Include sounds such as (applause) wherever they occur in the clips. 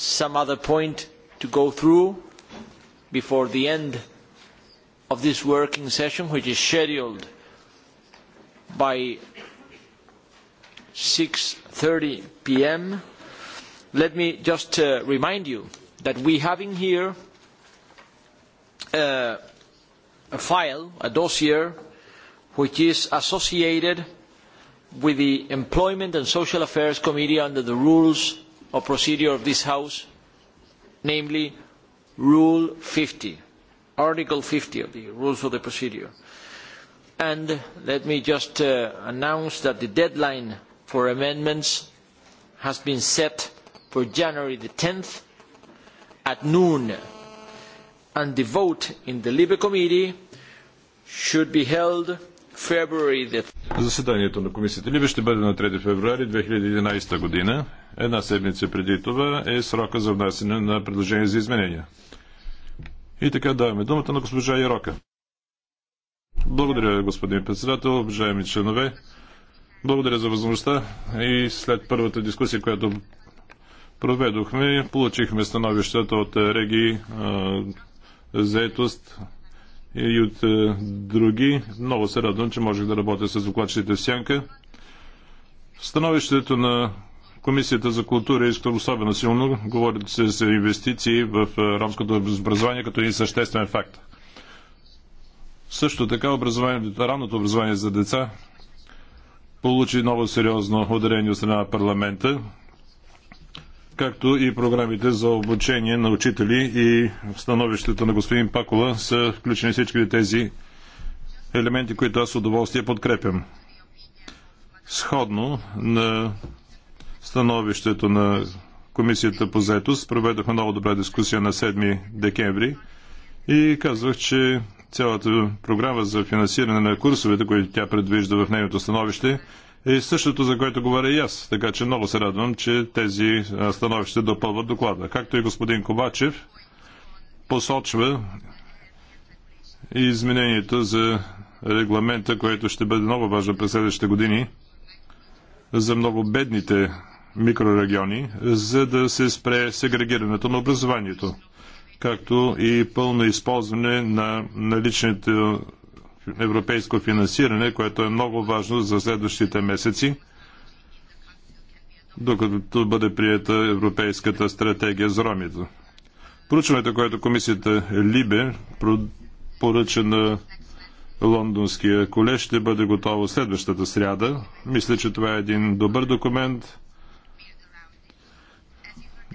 some other point to go through before the end of this working session, which is scheduled by 6.30 p.m., let me just remind you that we have in here a file, a dossier, which is associated with the Employment and Social Affairs Committee under the rules of procedure of this House, namely Rule fifty, Article fifty of the Rules of the Procedure. And let me just announce that the deadline for amendments has been set for January the at noon, and the vote in the LIBE Committee should be held February the... Заседанието на комисията Либе ще бъде на 3 февруари 2011 година една седмица преди това е срока за внасяне на предложение за изменения. И така даваме думата на госпожа Ярока. Благодаря, господин председател, уважаеми членове. Благодаря за възможността и след първата дискусия, която проведохме, получихме становищата от Реги заетост и от други. Много се радвам, че можех да работя с докладчите в Сянка. Становището на Комисията за култура иска особено силно. Говорят се за инвестиции в е, ромското образование като един съществен факт. Също така образованието, ранното образование за деца получи ново сериозно ударение от страна на парламента, както и програмите за обучение на учители и становището на господин Пакола са включени всички тези елементи, които аз с удоволствие подкрепям. Сходно на становището на Комисията по заетост. Проведохме много добра дискусия на 7 декември и казвах, че цялата програма за финансиране на курсовете, които тя предвижда в нейното становище, е същото, за което говоря и аз. Така че много се радвам, че тези становища допълват доклада. Както и господин Кобачев посочва и изменението за регламента, което ще бъде много важно през следващите години за много бедните микрорегиони, за да се спре сегрегирането на образованието, както и пълно използване на наличните европейско финансиране, което е много важно за следващите месеци, докато бъде прията Европейската стратегия за ромите. Проучването, което комисията Либе поръча на Лондонския колеж ще бъде готово следващата сряда. Мисля, че това е един добър документ,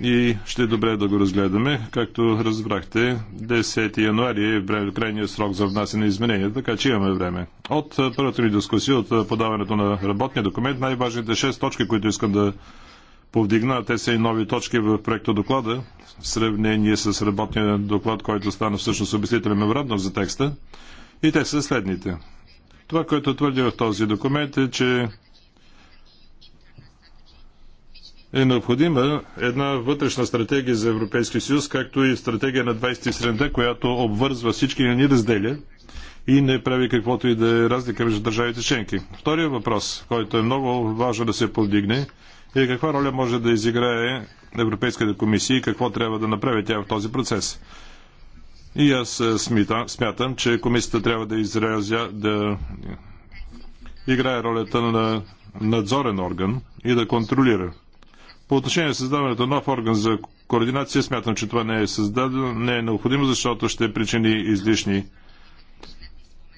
и ще е добре да го разгледаме. Както разбрахте, 10 януари е крайният срок за внасяне на изменения, така че имаме време. От първата ни дискусия, от подаването на работния документ, най-важните 6 точки, които искам да повдигна, те са и нови точки в проекта доклада, в сравнение с работния доклад, който стана всъщност обяснителен меморандум за текста. И те са следните. Това, което твърдя в този документ е, че е необходима една вътрешна стратегия за Европейския съюз, както и стратегия на 27-та, която обвързва всички и ни разделя и не прави каквото и да е разлика между държавите членки. Втория въпрос, който е много важно да се повдигне, е каква роля може да изиграе Европейската комисия и какво трябва да направи тя в този процес. И аз е, смятам, смятам че комисията трябва да изразя, да играе ролята на надзорен орган и да контролира по отношение на създаването на нов орган за координация, смятам, че това не е създадено, не е необходимо, защото ще причини излишни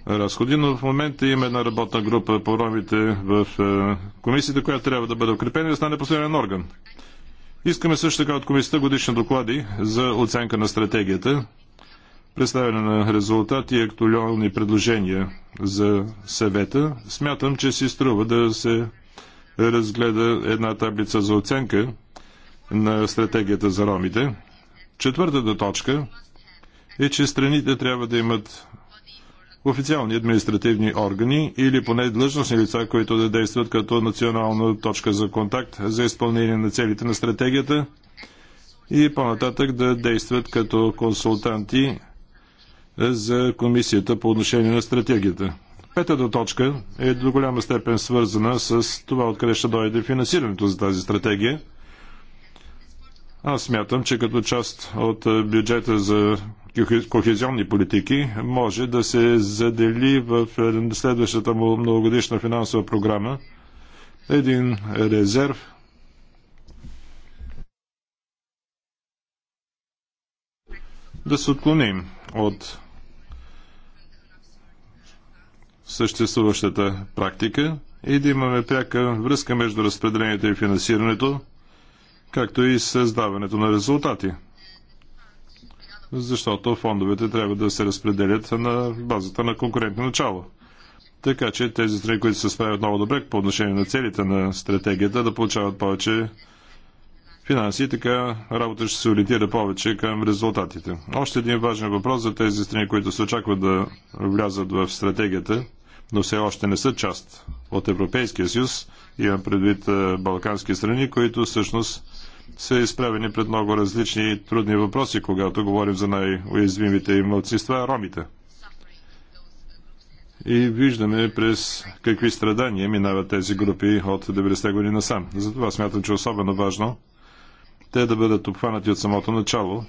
разходи, но в момента има една работна група по ромите в е, комисията, която трябва да бъде укрепена и да стане последен орган. Искаме също така от комисията годишни доклади за оценка на стратегията, представяне на резултати и актуални предложения за съвета. Смятам, че си струва да се разгледа една таблица за оценка на стратегията за ромите. Четвъртата точка е, че страните трябва да имат официални административни органи или поне длъжностни лица, които да действат като национална точка за контакт за изпълнение на целите на стратегията и по-нататък да действат като консултанти за комисията по отношение на стратегията. Петата точка е до голяма степен свързана с това откъде ще дойде финансирането за тази стратегия. Аз смятам, че като част от бюджета за кохезионни политики може да се задели в следващата му многогодишна финансова програма един резерв да се отклоним от съществуващата практика и да имаме пряка връзка между разпределението и финансирането, както и създаването на резултати. Защото фондовете трябва да се разпределят на базата на конкурентно начало. Така че тези страни, които се справят много добре по отношение на целите на стратегията, да получават повече финанси и така работа ще се ориентира повече към резултатите. Още един важен въпрос за тези страни, които се очакват да влязат в стратегията но все още не са част от Европейския съюз. Имам предвид е, балкански страни, които всъщност са изправени пред много различни и трудни въпроси, когато говорим за най-уязвимите им младсинства – ромите. И виждаме през какви страдания минават тези групи от 90-те години насам. Затова смятам, че е особено важно те да бъдат обхванати от самото начало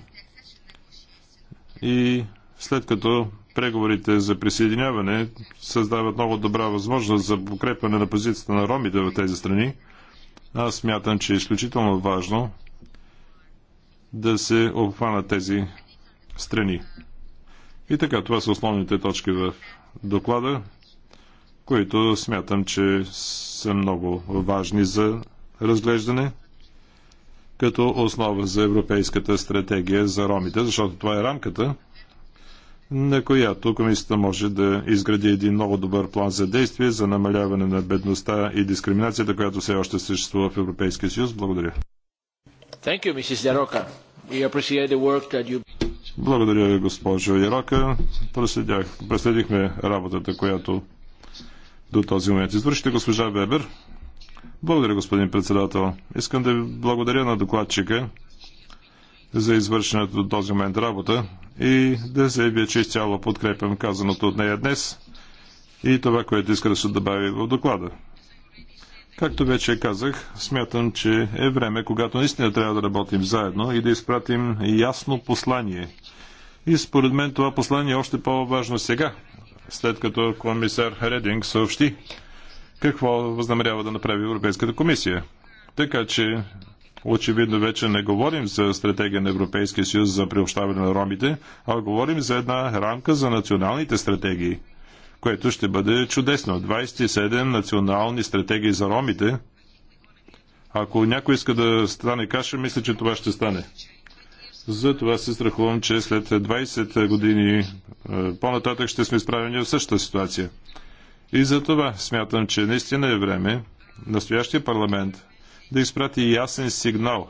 и след като преговорите за присъединяване създават много добра възможност за укрепване на позицията на ромите в тези страни. Аз смятам, че е изключително важно да се обхванат тези страни. И така, това са основните точки в доклада, които смятам, че са много важни за разглеждане като основа за Европейската стратегия за ромите, защото това е рамката, на която комисията може да изгради един много добър план за действие за намаляване на бедността и дискриминацията, която все още съществува в Европейския съюз. Благодаря. You, you... Благодаря ви, госпожо Ярока. проследихме работата, която до този момент извършите, госпожа Вебер. Благодаря, господин председател. Искам да ви благодаря на докладчика за извършената до този момент работа и да заявя, че изцяло подкрепям казаното от нея днес и това, което иска да се добави в доклада. Както вече казах, смятам, че е време, когато наистина трябва да работим заедно и да изпратим ясно послание. И според мен това послание е още по-важно сега, след като комисар Рединг съобщи какво възнамерява да направи Европейската комисия. Така че Очевидно вече не говорим за стратегия на Европейския съюз за приобщаване на ромите, а говорим за една рамка за националните стратегии, което ще бъде чудесно. 27 национални стратегии за ромите. Ако някой иска да стане каша, мисля, че това ще стане. Затова се страхувам, че след 20 години е, по-нататък ще сме изправени в същата ситуация. И за това смятам, че наистина е време настоящия парламент да изпрати ясен сигнал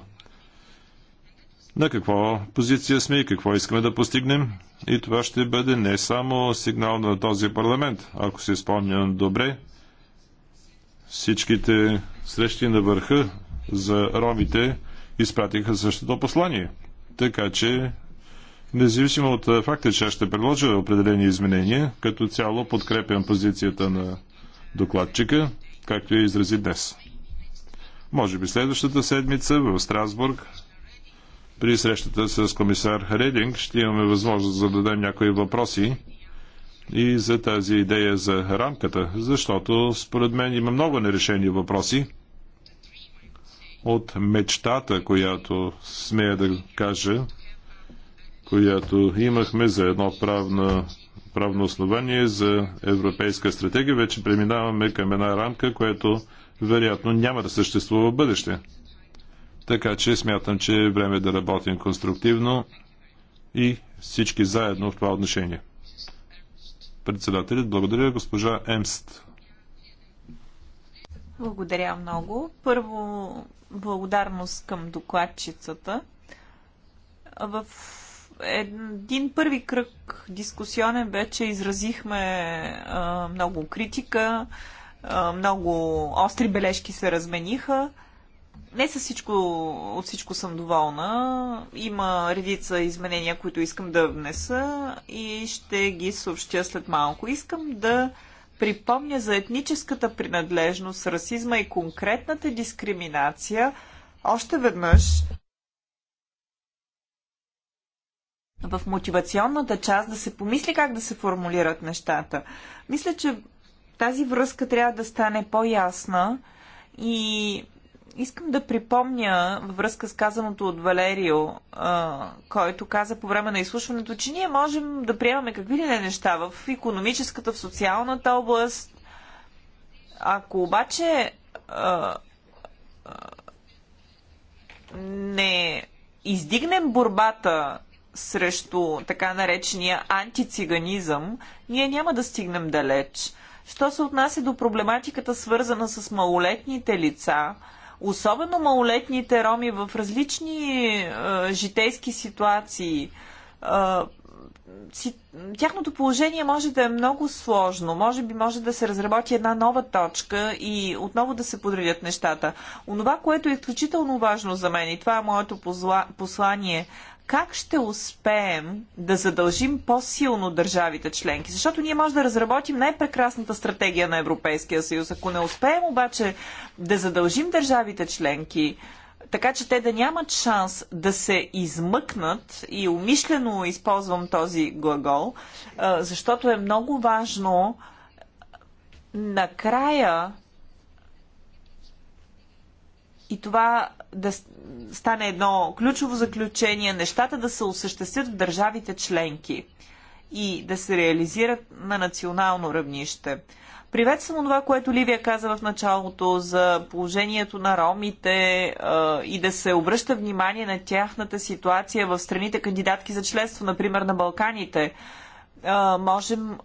на какво позиция сме и какво искаме да постигнем. И това ще бъде не само сигнал на този парламент. Ако се спомням добре, всичките срещи на върха за ромите изпратиха същото послание. Така че, независимо от факта, че аз ще предложа определени изменения, като цяло подкрепям позицията на докладчика, както я изрази днес. Може би следващата седмица в Страсбург при срещата с комисар Рединг ще имаме възможност да зададем някои въпроси и за тази идея за рамката, защото според мен има много нерешени въпроси от мечтата, която смея да кажа, която имахме за едно правно, правно основание за европейска стратегия. Вече преминаваме към една рамка, която вероятно няма да съществува в бъдеще. Така че смятам, че е време да работим конструктивно и всички заедно в това отношение. Председателят, благодаря госпожа Емст. Благодаря много. Първо, благодарност към докладчицата. В един първи кръг дискусионен вече изразихме а, много критика. А, много остри бележки се размениха. Не със всичко, от всичко съм доволна. Има редица изменения, които искам да внеса и ще ги съобщя след малко. Искам да припомня за етническата принадлежност, расизма и конкретната дискриминация още веднъж в мотивационната част да се помисли как да се формулират нещата. Мисля, че тази връзка трябва да стане по-ясна и искам да припомня във връзка с казаното от Валерио, който каза по време на изслушването, че ние можем да приемаме какви ли не неща в економическата, в социалната област. Ако обаче а, а, не издигнем борбата срещу така наречения антициганизъм, ние няма да стигнем далеч. Що се отнася до проблематиката, свързана с малолетните лица, особено малолетните роми в различни е, житейски ситуации, е, си, тяхното положение може да е много сложно. Може би може да се разработи една нова точка и отново да се подредят нещата. Онова, което е изключително важно за мен и това е моето позла, послание как ще успеем да задължим по-силно държавите членки? Защото ние може да разработим най-прекрасната стратегия на Европейския съюз. Ако не успеем обаче да задължим държавите членки, така че те да нямат шанс да се измъкнат и умишлено използвам този глагол, защото е много важно накрая и това да стане едно ключово заключение, нещата да се осъществят в държавите членки и да се реализират на национално равнище. Приветствам това, което Ливия каза в началото за положението на ромите и да се обръща внимание на тяхната ситуация в страните кандидатки за членство, например на Балканите. можем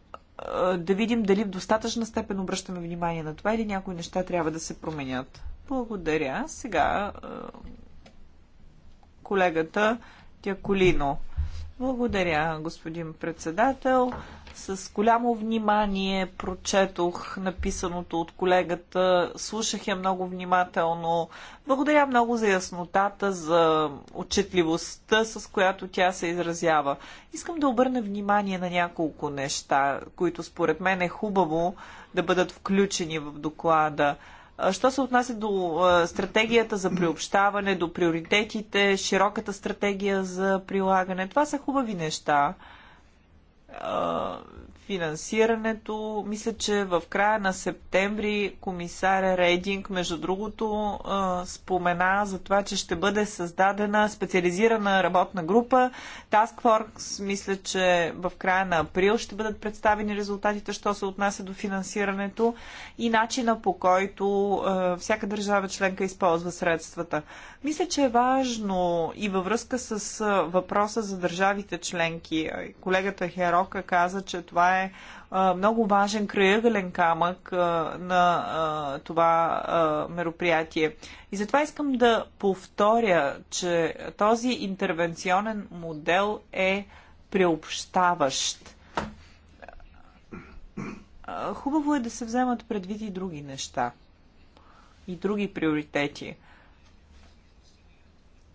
да видим дали в достатъчна степен обръщаме внимание на това или някои неща трябва да се променят. Благодаря. Сега е, колегата Тяколино. Благодаря, господин председател. С голямо внимание прочетох написаното от колегата, слушах я много внимателно. Благодаря много за яснотата, за отчетливостта, с която тя се изразява. Искам да обърна внимание на няколко неща, които според мен е хубаво да бъдат включени в доклада. Що се отнася до стратегията за приобщаване, до приоритетите, широката стратегия за прилагане, това са хубави неща финансирането. Мисля, че в края на септември комисаря Рейдинг, между другото, спомена за това, че ще бъде създадена специализирана работна група. Task Force, мисля, че в края на април ще бъдат представени резултатите, що се отнася до финансирането и начина по който всяка държава членка използва средствата. Мисля, че е важно и във връзка с въпроса за държавите членки. Колегата Херока каза, че това е е, е много важен краъгълен камък е, на е, това мероприятие. И затова искам да повторя, че този интервенционен модел е преобщаващ. Хубаво е да се вземат предвид и други неща и други приоритети.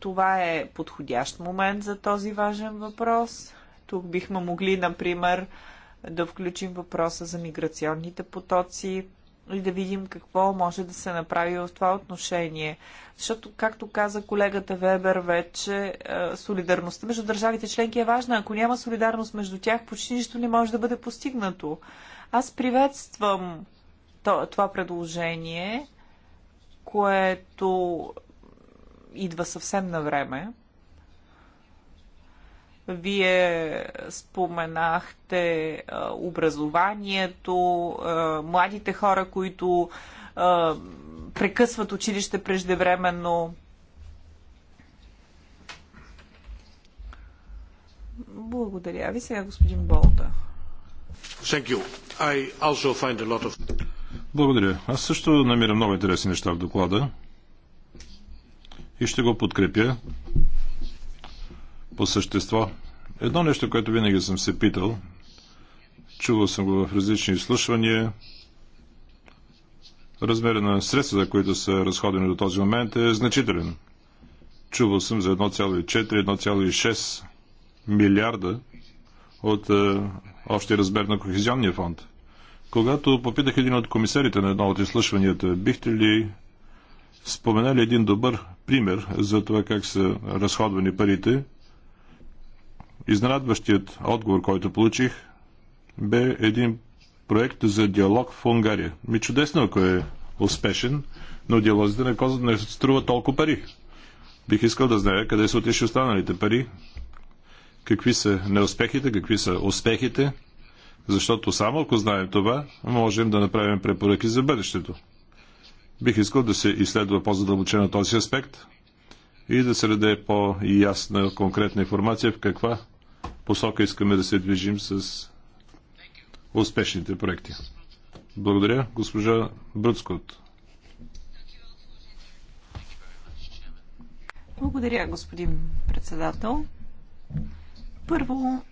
Това е подходящ момент за този важен въпрос. Тук бихме могли, например, да включим въпроса за миграционните потоци и да видим какво може да се направи в това отношение. Защото, както каза колегата Вебер вече, е, солидарността между държавите членки е важна. Ако няма солидарност между тях, почти нищо не може да бъде постигнато. Аз приветствам това предложение, което идва съвсем на време. Вие споменахте образованието, младите хора, които прекъсват училище преждевременно. Благодаря ви сега, господин Болда. Of... Благодаря. Аз също намирам много интересни неща в доклада и ще го подкрепя по същество. Едно нещо, което винаги съм се питал, чувал съм го в различни изслушвания, размера на средствата, които са разходени до този момент е значителен. Чувал съм за 1,4-1,6 милиарда от е, общия размер на Кохезионния фонд. Когато попитах един от комисарите на едно от изслушванията, бихте ли споменали един добър пример за това как са разходвани парите Изненадващият отговор, който получих, бе един проект за диалог в Унгария. Ми чудесно, ако е успешен, но диалозите на Козът не струва толкова пари. Бих искал да знае къде са отишли останалите пари, какви са неуспехите, какви са успехите, защото само ако знаем това, можем да направим препоръки за бъдещето. Бих искал да се изследва по-задълбочено този аспект и да се даде по-ясна конкретна информация в каква посока искаме да се движим с успешните проекти. Благодаря. Госпожа Бръцкот. Благодаря, господин председател. Първо,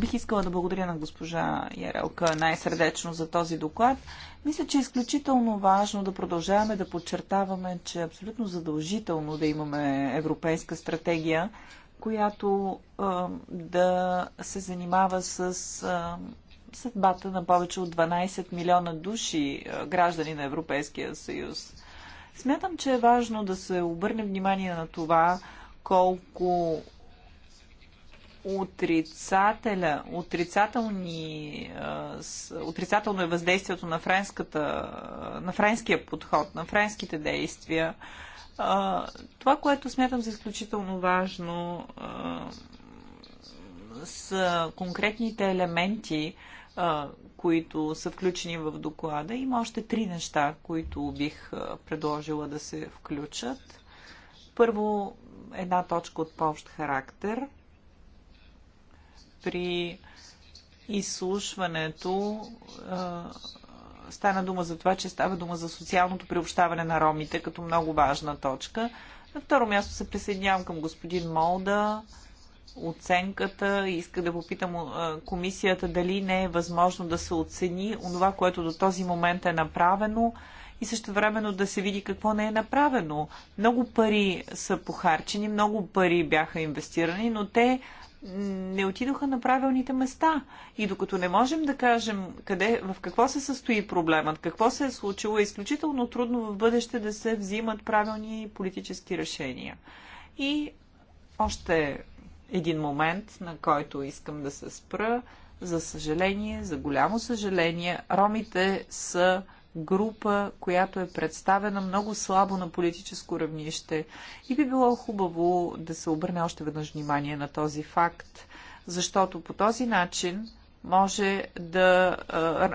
бих искала да благодаря на госпожа Ярелка най-сърдечно за този доклад. Мисля, че е изключително важно да продължаваме да подчертаваме, че е абсолютно задължително да имаме европейска стратегия която а, да се занимава с а, съдбата на повече от 12 милиона души а, граждани на Европейския съюз. Смятам, че е важно да се обърне внимание на това колко отрицателя, отрицателни, отрицателно е въздействието на, френската, на френския подход, на френските действия това, което смятам за изключително важно, а, са конкретните елементи, а, които са включени в доклада. Има още три неща, които бих предложила да се включат. Първо, една точка от по-общ характер. При изслушването стана дума за това, че става дума за социалното приобщаване на ромите като много важна точка. На второ място се присъединявам към господин Молда, оценката и иска да попитам комисията дали не е възможно да се оцени онова, което до този момент е направено и също времено да се види какво не е направено. Много пари са похарчени, много пари бяха инвестирани, но те не отидоха на правилните места. И докато не можем да кажем къде, в какво се състои проблемът, какво се е случило, е изключително трудно в бъдеще да се взимат правилни политически решения. И още един момент, на който искам да се спра. За съжаление, за голямо съжаление, ромите са група, която е представена много слабо на политическо равнище. И би било хубаво да се обърне още веднъж внимание на този факт, защото по този начин може да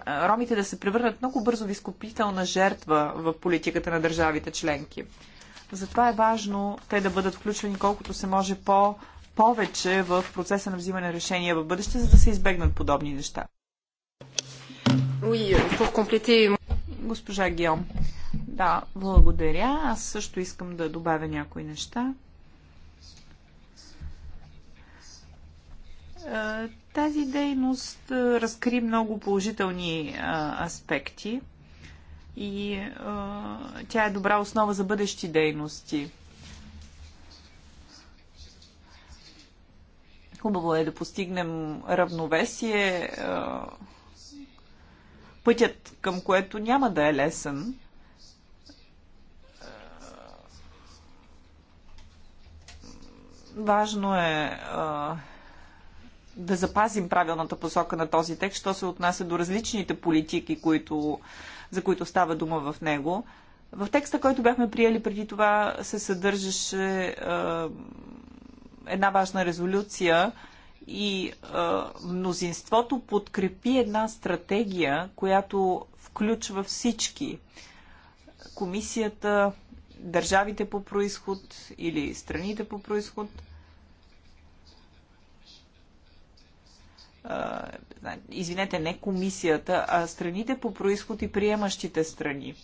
ромите да се превърнат много бързо в изкупителна жертва в политиката на държавите членки. Затова е важно те да бъдат включвани колкото се може по- повече в процеса на взимане решения в бъдеще, за да се избегнат подобни неща. Oui, pour compléter Госпожа Геом. Да, благодаря. Аз също искам да добавя някои неща. Е, тази дейност е, разкри много положителни е, аспекти и тя е добра основа за бъдещи дейности. Хубаво е да постигнем равновесие пътят към което няма да е лесен. Важно е а, да запазим правилната посока на този текст, що се отнася до различните политики, които, за които става дума в него. В текста, който бяхме приели преди това, се съдържаше е, една важна резолюция, и а, мнозинството подкрепи една стратегия, която включва всички. Комисията, държавите по происход или страните по происход. А, извинете, не комисията, а страните по происход и приемащите страни.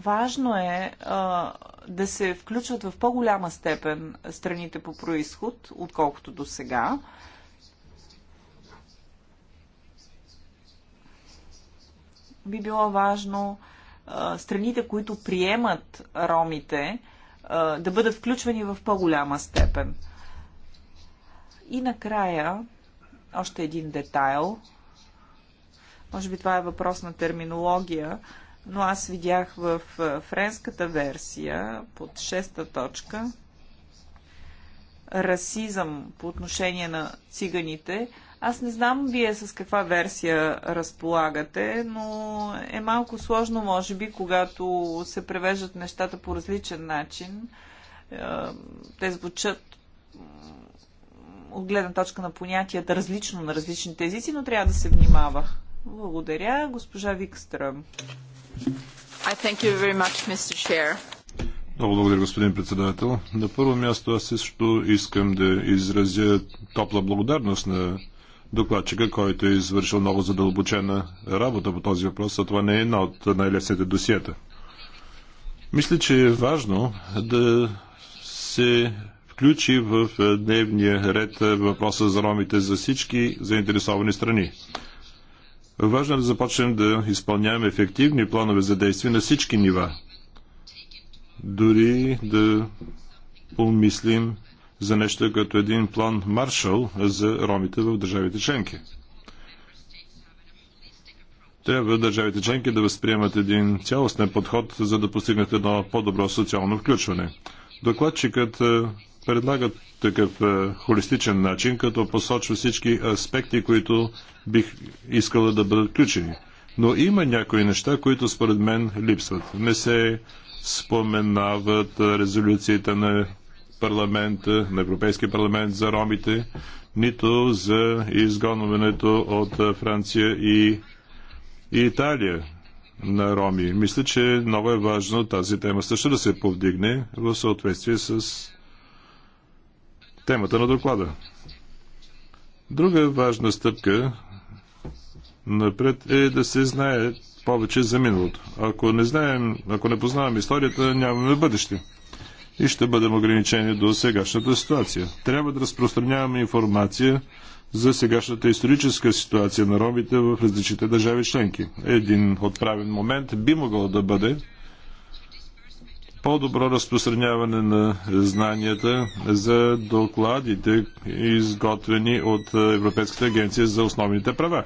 Важно е а, да се включват в по-голяма степен страните по происход, отколкото до сега. Би било важно а, страните, които приемат ромите, а, да бъдат включвани в по-голяма степен. И накрая, още един детайл. Може би това е въпрос на терминология но аз видях в френската версия под шеста точка расизъм по отношение на циганите. Аз не знам вие с каква версия разполагате, но е малко сложно, може би, когато се превеждат нещата по различен начин. Те звучат от гледна точка на понятията различно на различните езици, но трябва да се внимава. Благодаря, госпожа Викстръм. Много благодаря, господин председател. На първо място аз също искам да изразя топла благодарност на докладчика, който е извършил много задълбочена работа по този въпрос, а това не е една от най-лесните досиета. Мисля, че е важно да се включи в дневния ред въпроса за ромите за всички заинтересовани страни. Важно е да започнем да изпълняваме ефективни планове за действие на всички нива. Дори да помислим за нещо като един план Маршал за ромите в държавите членки. Трябва държавите членки да възприемат един цялостен подход, за да постигнат едно по-добро социално включване. Докладчикът е, предлагат такъв е, холистичен начин, като посочва всички аспекти, които бих искала да бъдат включени. Но има някои неща, които според мен липсват. Не се споменават е, резолюцията на парламента, на Европейския парламент за ромите, нито за изгонването от е, Франция и, и Италия на роми. Мисля, че много е важно тази тема също да се повдигне в съответствие с темата на доклада. Друга важна стъпка напред е да се знае повече за миналото. Ако не знаем, ако не познаваме историята, нямаме бъдеще и ще бъдем ограничени до сегашната ситуация. Трябва да разпространяваме информация за сегашната историческа ситуация на Робите в различните държави членки. Един отправен момент би могъл да бъде по-добро разпространяване на знанията за докладите, изготвени от Европейската агенция за основните права.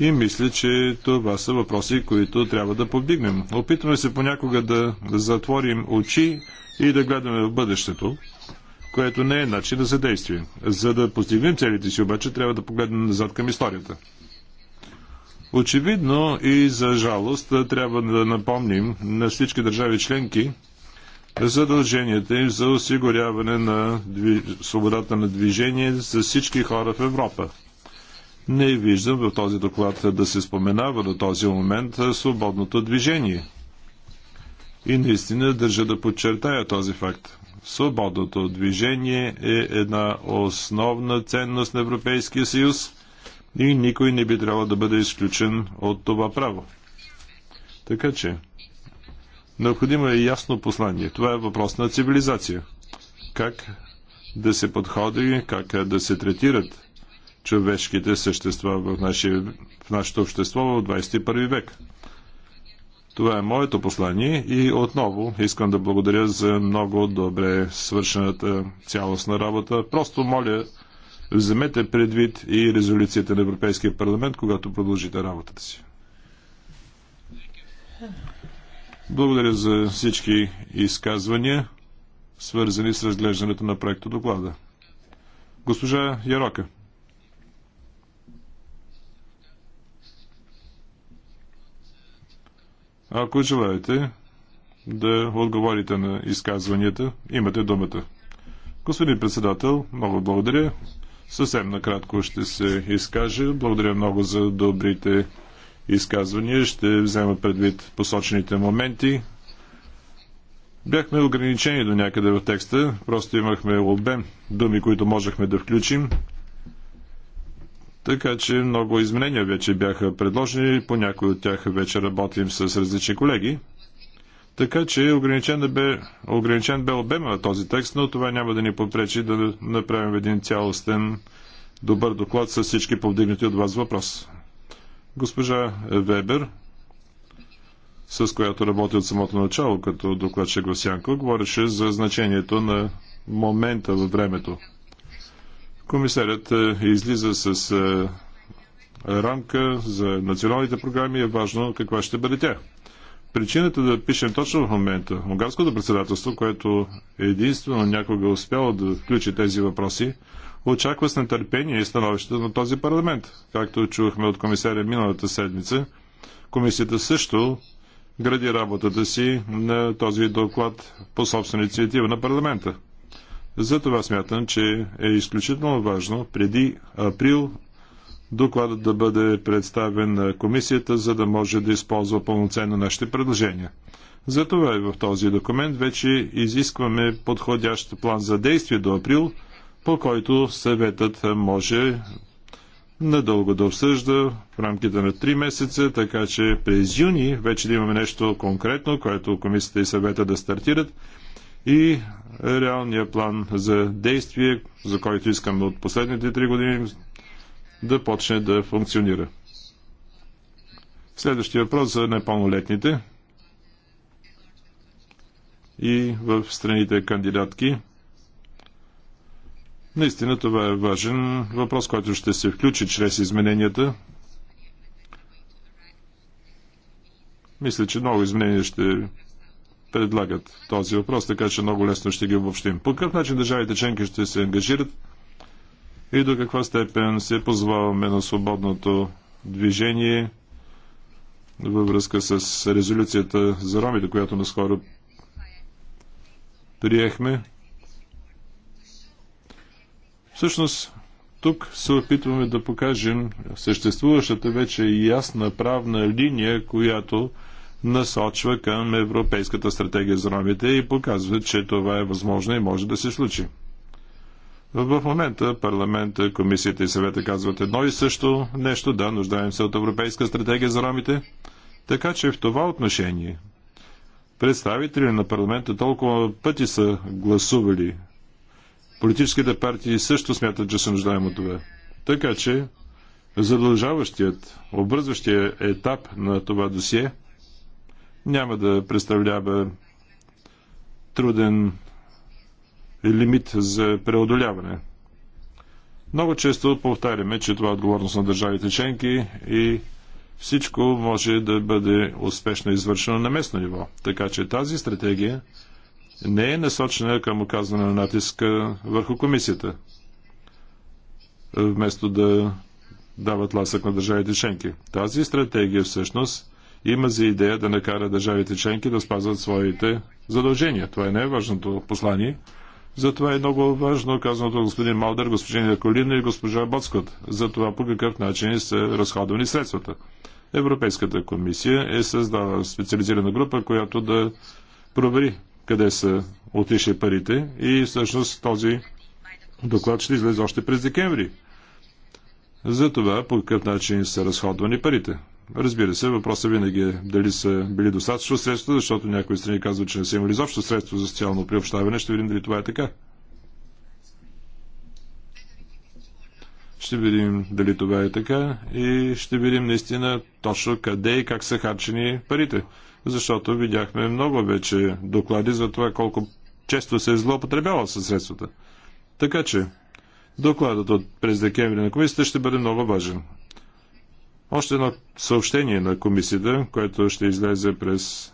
И мисля, че това са въпроси, които трябва да повдигнем. Опитваме се понякога да затворим очи и да гледаме в бъдещето, което не е начин за действие. За да постигнем целите си, обаче, трябва да погледнем назад към историята. Очевидно и за жалост трябва да напомним на всички държави членки задълженията им за осигуряване на дви... свободата на движение за всички хора в Европа. Не виждам в този доклад да се споменава до този момент свободното движение. И наистина държа да подчертая този факт. Свободното движение е една основна ценност на Европейския съюз – и никой не би трябвало да бъде изключен от това право. Така че, необходимо е ясно послание. Това е въпрос на цивилизация. Как да се подходи, как да се третират човешките същества в, наше, в нашето общество в 21 век. Това е моето послание и отново искам да благодаря за много добре свършената цялостна работа. Просто моля вземете предвид и резолюцията на Европейския парламент, когато продължите работата си. Благодаря за всички изказвания, свързани с разглеждането на проекта доклада. Госпожа Ярока. Ако желаете да отговорите на изказванията, имате думата. Господин председател, много благодаря. Съвсем накратко ще се изкажа. Благодаря много за добрите изказвания. Ще взема предвид посочените моменти. Бяхме ограничени до някъде в текста, просто имахме обем думи, които можехме да включим. Така че много изменения вече бяха предложени, по някои от тях вече работим с различни колеги. Така че ограничен, да бе, ограничен бе обема на този текст, но това няма да ни попречи да направим един цялостен добър доклад с всички повдигнати от вас въпрос. Госпожа Вебер, с която работи от самото начало като докладчик в Сянко, говореше за значението на момента във времето. Комисарят е, излиза с е, рамка за националните програми е важно каква ще бъде тя. Причината да пишем точно в момента унгарското председателство, което единствено някога успяло да включи тези въпроси, очаква с нетърпение и становището на този парламент. Както чухме от комисаря миналата седмица, комисията също гради работата си на този доклад по собствена инициатива на парламента. Затова смятам, че е изключително важно преди април докладът да бъде представен на комисията, за да може да използва пълноценно нашите предложения. Затова и в този документ вече изискваме подходящ план за действие до април, по който съветът може надълго да обсъжда в рамките на 3 месеца, така че през юни вече да имаме нещо конкретно, което комисията и съвета да стартират и реалния план за действие, за който искаме от последните 3 години да почне да функционира. Следващия въпрос за непълнолетните и в страните кандидатки. Наистина това е важен въпрос, който ще се включи чрез измененията. Мисля, че много изменения ще предлагат този въпрос, така че много лесно ще ги обобщим. По какъв начин държавите членки ще се ангажират? и до каква степен се позваваме на свободното движение във връзка с резолюцията за ромите, която наскоро приехме. Всъщност, тук се опитваме да покажем съществуващата вече ясна правна линия, която насочва към Европейската стратегия за ромите и показва, че това е възможно и може да се случи. В момента парламента, комисията и съвета казват едно и също нещо. Да, нуждаем се от Европейска стратегия за ромите. Така че в това отношение представители на парламента толкова пъти са гласували. Политическите партии също смятат, че се нуждаем от това. Така че задължаващият, обвързващия етап на това досие няма да представлява труден е лимит за преодоляване. Много често повтаряме, че това е отговорност на държавите членки и всичко може да бъде успешно извършено на местно ниво. Така че тази стратегия не е насочена към оказване на натиска върху комисията, вместо да дават ласък на държавите членки. Тази стратегия всъщност има за идея да накара държавите членки да спазват своите задължения. Това е най-важното послание – затова е много важно казаното господин Малдер, господин Яколина и госпожа Боцкот за това по какъв начин са разходвани средствата. Европейската комисия е създала специализирана група, която да провери къде са отишли парите и всъщност този доклад ще излезе още през декември. За това по какъв начин са разходвани парите. Разбира се, въпросът винаги е дали са били достатъчно средства, защото някои страни казват, че не са имали изобщо средства за социално приобщаване. Ще видим дали това е така. Ще видим дали това е така и ще видим наистина точно къде и как са харчени парите. Защото видяхме много вече доклади за това колко често се е злоупотребявал със средствата. Така че, докладът от през декември на комисията ще бъде много важен. Още едно съобщение на комисията, което ще излезе през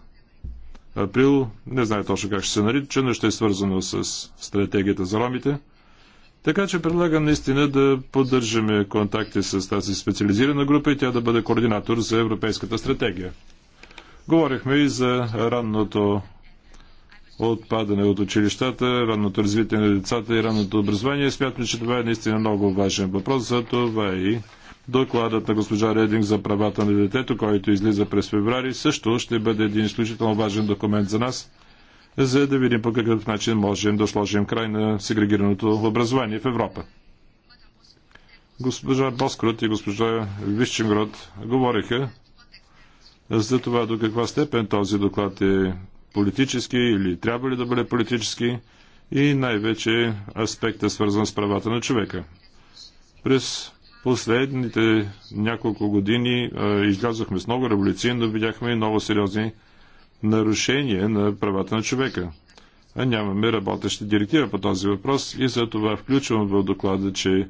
април. Не знае точно как ще се нарича, но ще е свързано с стратегията за ромите. Така че предлагам наистина да поддържаме контакти с тази специализирана група и тя да бъде координатор за Европейската стратегия. Говорихме и за ранното отпадане от училищата, ранното развитие на децата и ранното образование. Смятам, че това е наистина много важен въпрос. За това и докладът на госпожа Рединг за правата на детето, който излиза през феврари, също ще бъде един изключително важен документ за нас, за да видим по какъв начин можем да сложим край на сегрегираното образование в Европа. Госпожа Боскрот и госпожа Вишченгрод говориха за това до каква степен този доклад е политически или трябва ли да бъде политически и най-вече аспекта свързан с правата на човека. През последните няколко години а, излязохме с много революции, но видяхме и много сериозни нарушения на правата на човека. А нямаме работеща директива по този въпрос и за това включвам в доклада, че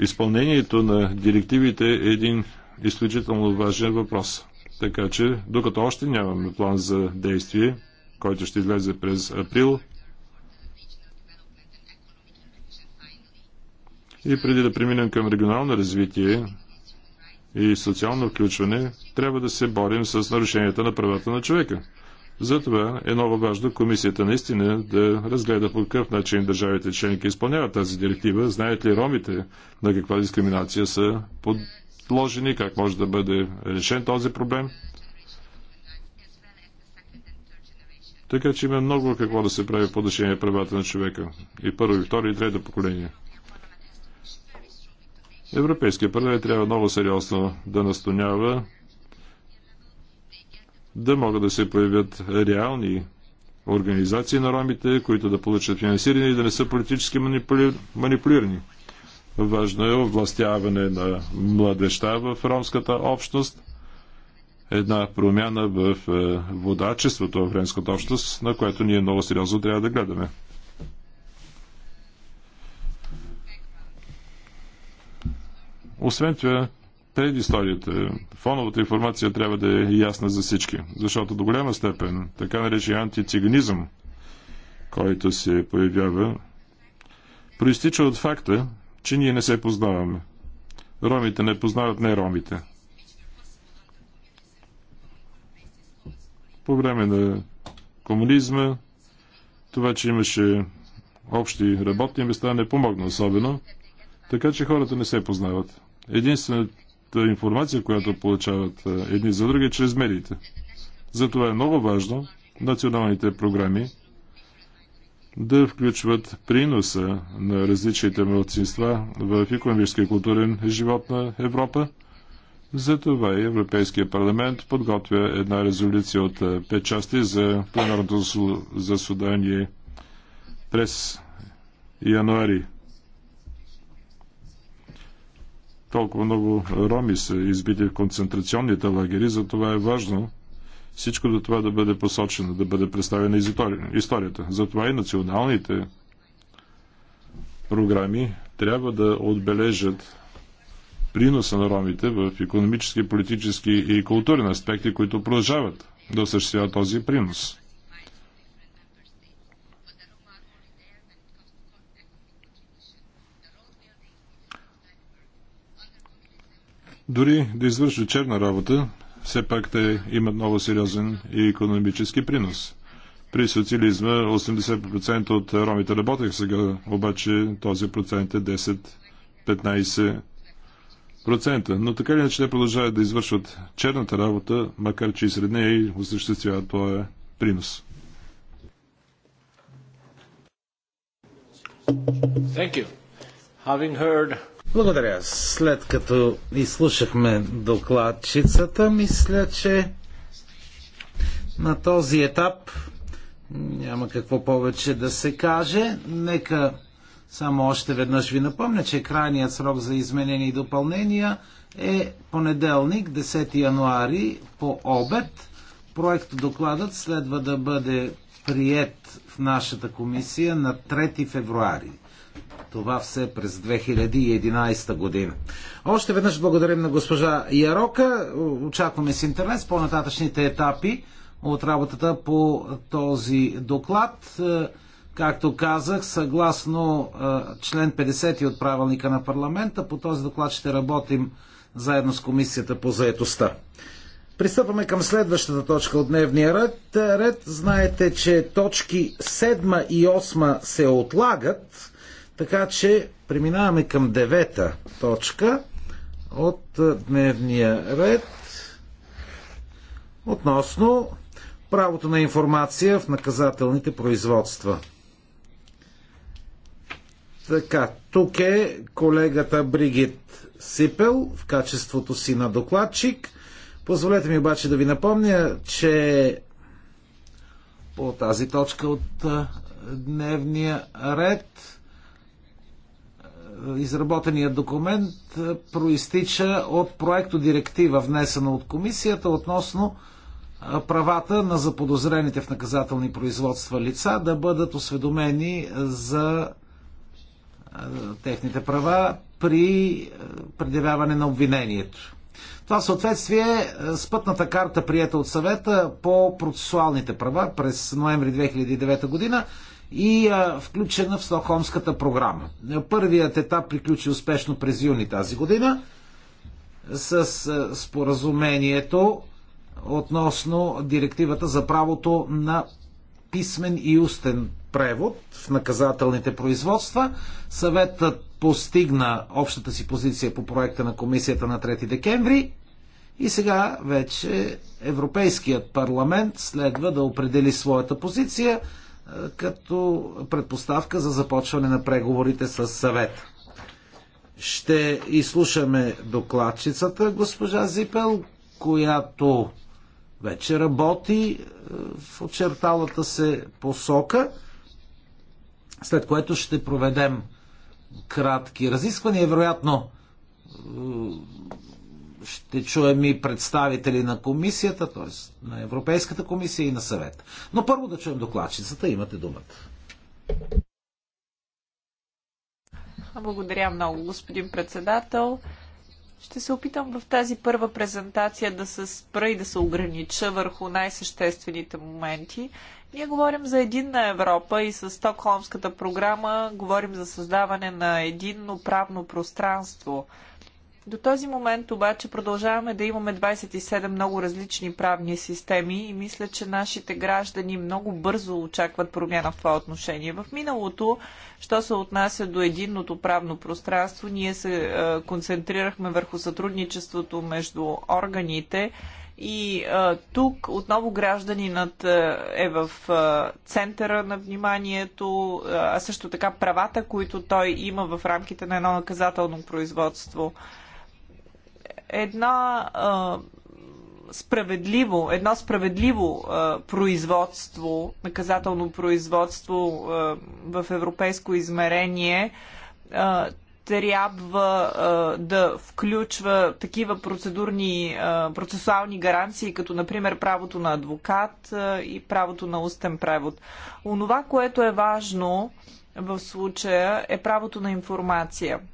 изпълнението на директивите е един изключително важен въпрос. Така че, докато още нямаме план за действие, който ще излезе през април, и преди да преминем към регионално развитие и социално включване, трябва да се борим с нарушенията на правата на човека. Затова е много важно комисията наистина да разгледа по какъв начин държавите членки изпълняват тази директива. Знаят ли ромите на каква дискриминация са под изложени, как може да бъде решен този проблем. Така че има много какво да се прави по отношение правата на човека. И първо, и второ, и трето поколение. Европейския парламент трябва много сериозно да настонява да могат да се появят реални организации на ромите, които да получат финансиране и да не са политически манипули... манипулирани. Важно е овластяване на младеща в ромската общност, една промяна в е, водачеството в ромската общност, на което ние много сериозно трябва да гледаме. Освен това, предисторията, фоновата информация трябва да е ясна за всички, защото до голяма степен така наречен антициганизъм, който се появява, проистича от факта, че ние не се познаваме. Ромите не познават не ромите. По време на комунизма, това, че имаше общи работни места, не помогна особено, така че хората не се познават. Единствената информация, която получават е, едни за други, е чрез медиите. Затова е много важно националните програми да включват приноса на различните младсинства в економически и културен живот на Европа. Затова и Европейския парламент подготвя една резолюция от пет части за пленарното заседание през януари. Толкова много роми са избити в концентрационните лагери, затова е важно – всичко до това да бъде посочено, да бъде представена историята. Затова и националните програми трябва да отбележат приноса на ромите в економически, политически и културни аспекти, които продължават да осъществяват този принос. Дори да извършва черна работа, все пак те имат много сериозен и економически принос. При социализма 80% от ромите работех сега, обаче този процент е 10-15%. Но така не, иначе те продължават да извършват черната работа, макар че и сред нея и осъществяват този принос. Thank you. Having heard благодаря. След като изслушахме докладчицата, мисля, че на този етап няма какво повече да се каже. Нека само още веднъж ви напомня, че крайният срок за изменения и допълнения е понеделник, 10 януари, по обед. Проект докладът следва да бъде прият в нашата комисия на 3 февруари. Това все през 2011 година. Още веднъж благодарим на госпожа Ярока. Очакваме с интерес по-нататъчните етапи от работата по този доклад. Както казах, съгласно член 50 от правилника на парламента, по този доклад ще работим заедно с Комисията по заетостта. Пристъпваме към следващата точка от дневния ред. ред. Знаете, че точки 7 и 8 се отлагат така че преминаваме към девета точка от е, дневния ред относно правото на информация в наказателните производства. Така, тук е колегата Бригит Сипел в качеството си на докладчик. Позволете ми обаче да ви напомня, че по тази точка от е, дневния ред изработения документ е, проистича от проекто директива, внесена от комисията относно е, правата на заподозрените в наказателни производства лица да бъдат осведомени за е, техните права при предявяване на обвинението. Това съответствие с пътната карта, прията от съвета по процесуалните права през ноември 2009 година и а, включена в Стокхолмската програма. Първият етап приключи успешно през юни тази година с а, споразумението относно директивата за правото на писмен и устен превод в наказателните производства. Съветът постигна общата си позиция по проекта на комисията на 3 декември и сега вече Европейският парламент следва да определи своята позиция като предпоставка за започване на преговорите с съвета. Ще изслушаме докладчицата госпожа Зипел, която вече работи е, в очерталата се посока, след което ще проведем кратки разисквания. Вероятно е, ще чуем и представители на комисията, т.е. на Европейската комисия и на съвет. Но първо да чуем докладчицата, имате думата. Благодаря много, господин председател. Ще се опитам в тази първа презентация да се спра и да се огранича върху най-съществените моменти. Ние говорим за единна Европа и с Стокхолмската програма говорим за създаване на единно правно пространство – до този момент обаче продължаваме да имаме 27 много различни правни системи и мисля, че нашите граждани много бързо очакват промяна в това отношение. В миналото, що се отнася до единното правно пространство, ние се е, концентрирахме върху сътрудничеството между органите и е, тук отново гражданинът е, е в центъра на вниманието, а също така правата, които той има в рамките на едно наказателно производство една справедливо, едно справедливо а, производство, наказателно производство а, в европейско измерение а, трябва а, да включва такива процедурни, а, процесуални гаранции, като например правото на адвокат а, и правото на устен превод. Онова, което е важно в случая е правото на информация –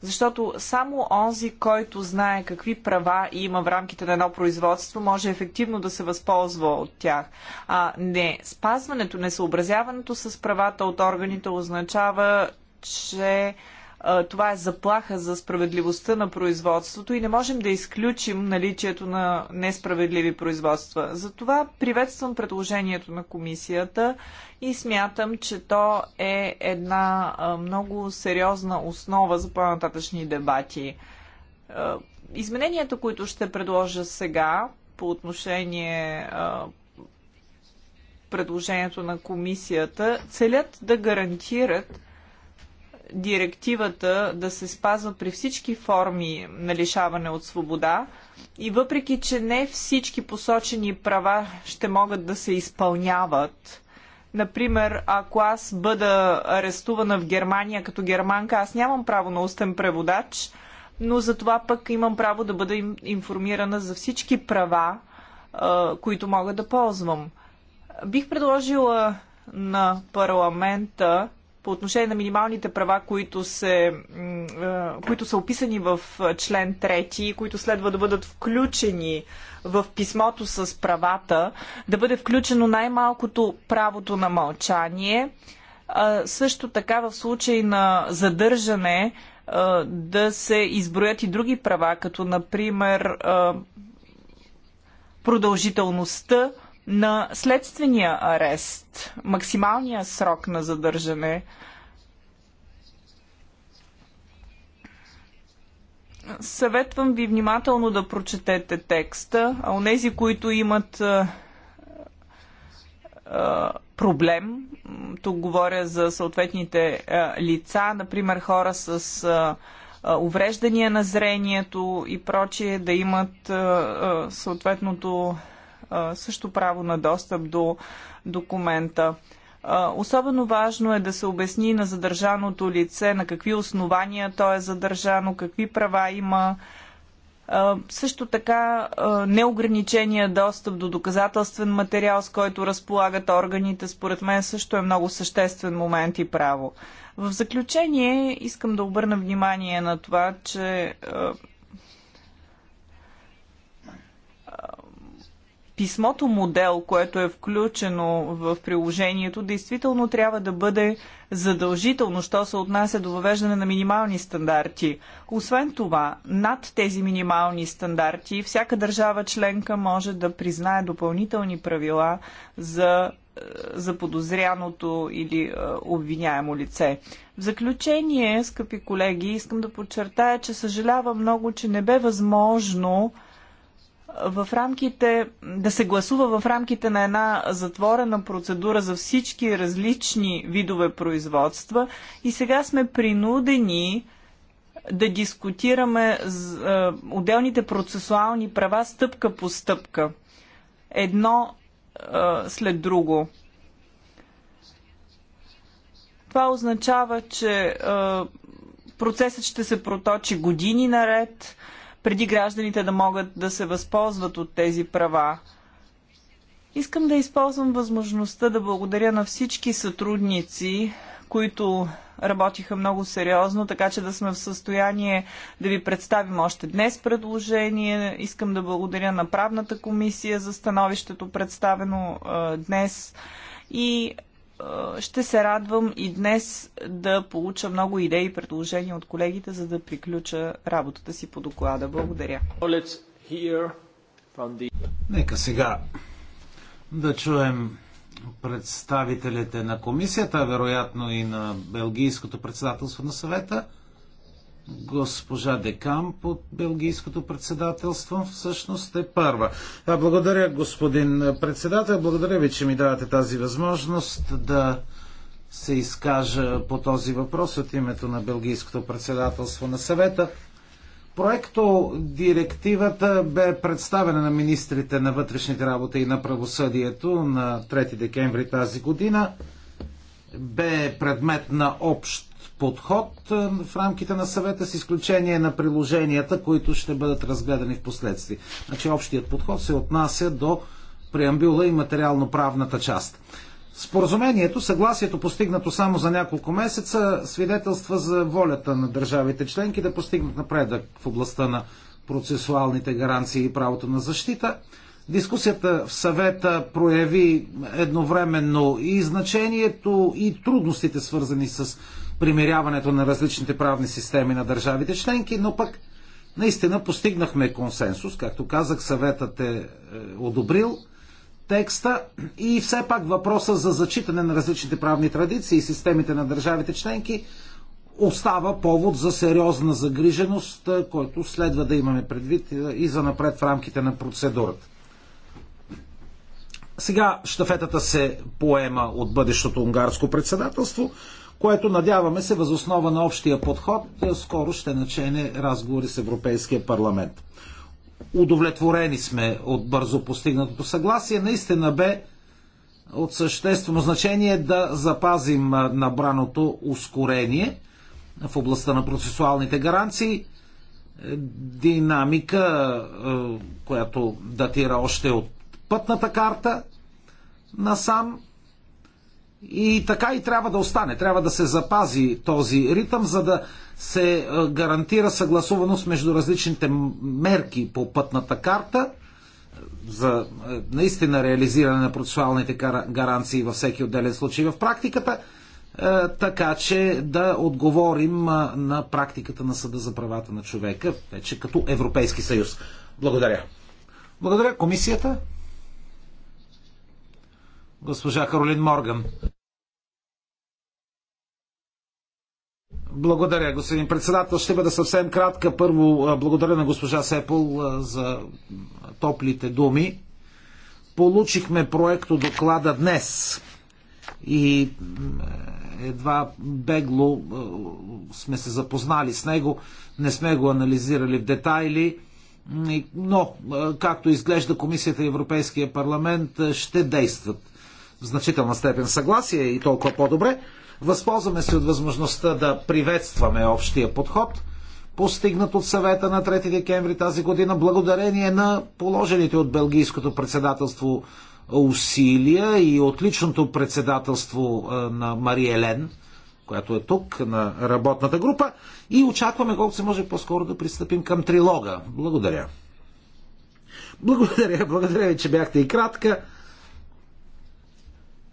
защото само онзи, който знае какви права има в рамките на едно производство, може ефективно да се възползва от тях. А не спазването, несъобразяването с правата от органите означава, че това е заплаха за справедливостта на производството и не можем да изключим наличието на несправедливи производства. Затова приветствам предложението на комисията и смятам, че то е една много сериозна основа за по-нататъчни дебати. Измененията, които ще предложа сега по отношение предложението на комисията, целят да гарантират директивата да се спазва при всички форми на лишаване от свобода и въпреки, че не всички посочени права ще могат да се изпълняват, Например, ако аз бъда арестувана в Германия като германка, аз нямам право на устен преводач, но за това пък имам право да бъда информирана за всички права, които мога да ползвам. Бих предложила на парламента по отношение на минималните права, които, се, които са описани в член 3 и които следва да бъдат включени в писмото с правата, да бъде включено най-малкото правото на мълчание, също така в случай на задържане да се изброят и други права, като например продължителността на следствения арест, максималния срок на задържане. Съветвам ви внимателно да прочетете текста, а онези, които имат а, а, проблем, тук говоря за съответните а, лица, например хора с а, увреждания на зрението и прочие, да имат а, съответното също право на достъп до документа. Особено важно е да се обясни на задържаното лице на какви основания то е задържано, какви права има. Също така неограничения достъп до доказателствен материал, с който разполагат органите, според мен също е много съществен момент и право. В заключение искам да обърна внимание на това, че писмото модел, което е включено в приложението, действително трябва да бъде задължително, що се отнася до въвеждане на минимални стандарти. Освен това, над тези минимални стандарти, всяка държава членка може да признае допълнителни правила за е, за подозряното или е, обвиняемо лице. В заключение, скъпи колеги, искам да подчертая, че съжалявам много, че не бе възможно в рамките, да се гласува в рамките на една затворена процедура за всички различни видове производства и сега сме принудени да дискутираме е, отделните процесуални права стъпка по стъпка. Едно е, след друго. Това означава, че е, процесът ще се проточи години наред, преди гражданите да могат да се възползват от тези права. Искам да използвам възможността да благодаря на всички сътрудници, които работиха много сериозно, така че да сме в състояние да ви представим още днес предложение. Искам да благодаря на правната комисия за становището представено а, днес и ще се радвам и днес да получа много идеи и предложения от колегите, за да приключа работата си по доклада. Благодаря. Нека сега да чуем представителите на комисията, вероятно и на Белгийското председателство на съвета госпожа Декамп от Белгийското председателство всъщност е първа. А, благодаря, господин председател. Благодаря ви, че ми давате тази възможност да се изкажа по този въпрос от името на Белгийското председателство на съвета. Проекто директивата бе представена на министрите на вътрешните работи и на правосъдието на 3 декември тази година. Бе предмет на общ подход в рамките на съвета, с изключение на приложенията, които ще бъдат разгледани в последствие. Значи общият подход се отнася до преамбюла и материално-правната част. Споразумението, съгласието постигнато само за няколко месеца, свидетелства за волята на държавите членки да постигнат напредък в областта на процесуалните гаранции и правото на защита. Дискусията в съвета прояви едновременно и значението, и трудностите, свързани с примиряването на различните правни системи на държавите членки, но пък наистина постигнахме консенсус. Както казах, съветът е, е, одобрил текста и все пак въпроса за зачитане на различните правни традиции и системите на държавите членки остава повод за сериозна загриженост, е, който следва да имаме предвид е, и за напред в рамките на процедурата. Сега штафетата се поема от бъдещото унгарско председателство което надяваме се възоснова на общия подход е, скоро ще начене разговори с Европейския парламент. Удовлетворени сме от бързо постигнатото съгласие. Наистина бе от съществено значение да запазим набраното ускорение в областта на процесуалните гаранции. Динамика, която датира още от пътната карта насам и така и трябва да остане. Трябва да се запази този ритъм, за да се е, гарантира съгласуваност между различните мерки по пътната карта е, за е, наистина реализиране на процесуалните гаранции във всеки отделен случай в практиката, така че да отговорим на практиката на Съда за правата на човека, вече като Европейски съюз. Благодаря. Благодаря комисията. Госпожа Каролин Морган. Благодаря, господин председател. Ще бъда съвсем кратка. Първо, благодаря на госпожа Сепол за топлите думи. Получихме проекто доклада днес и едва бегло сме се запознали с него, не сме го анализирали в детайли, но както изглежда Комисията и Европейския парламент ще действат в значителна степен съгласие и толкова по-добре. Възползваме се от възможността да приветстваме общия подход, постигнат от съвета на 3 декември тази година, благодарение на положените от Белгийското председателство усилия и отличното председателство на Мария Елен, която е тук на работната група и очакваме колкото се може по-скоро да пристъпим към трилога. Благодаря. Благодаря, благодаря ви, че бяхте и кратка.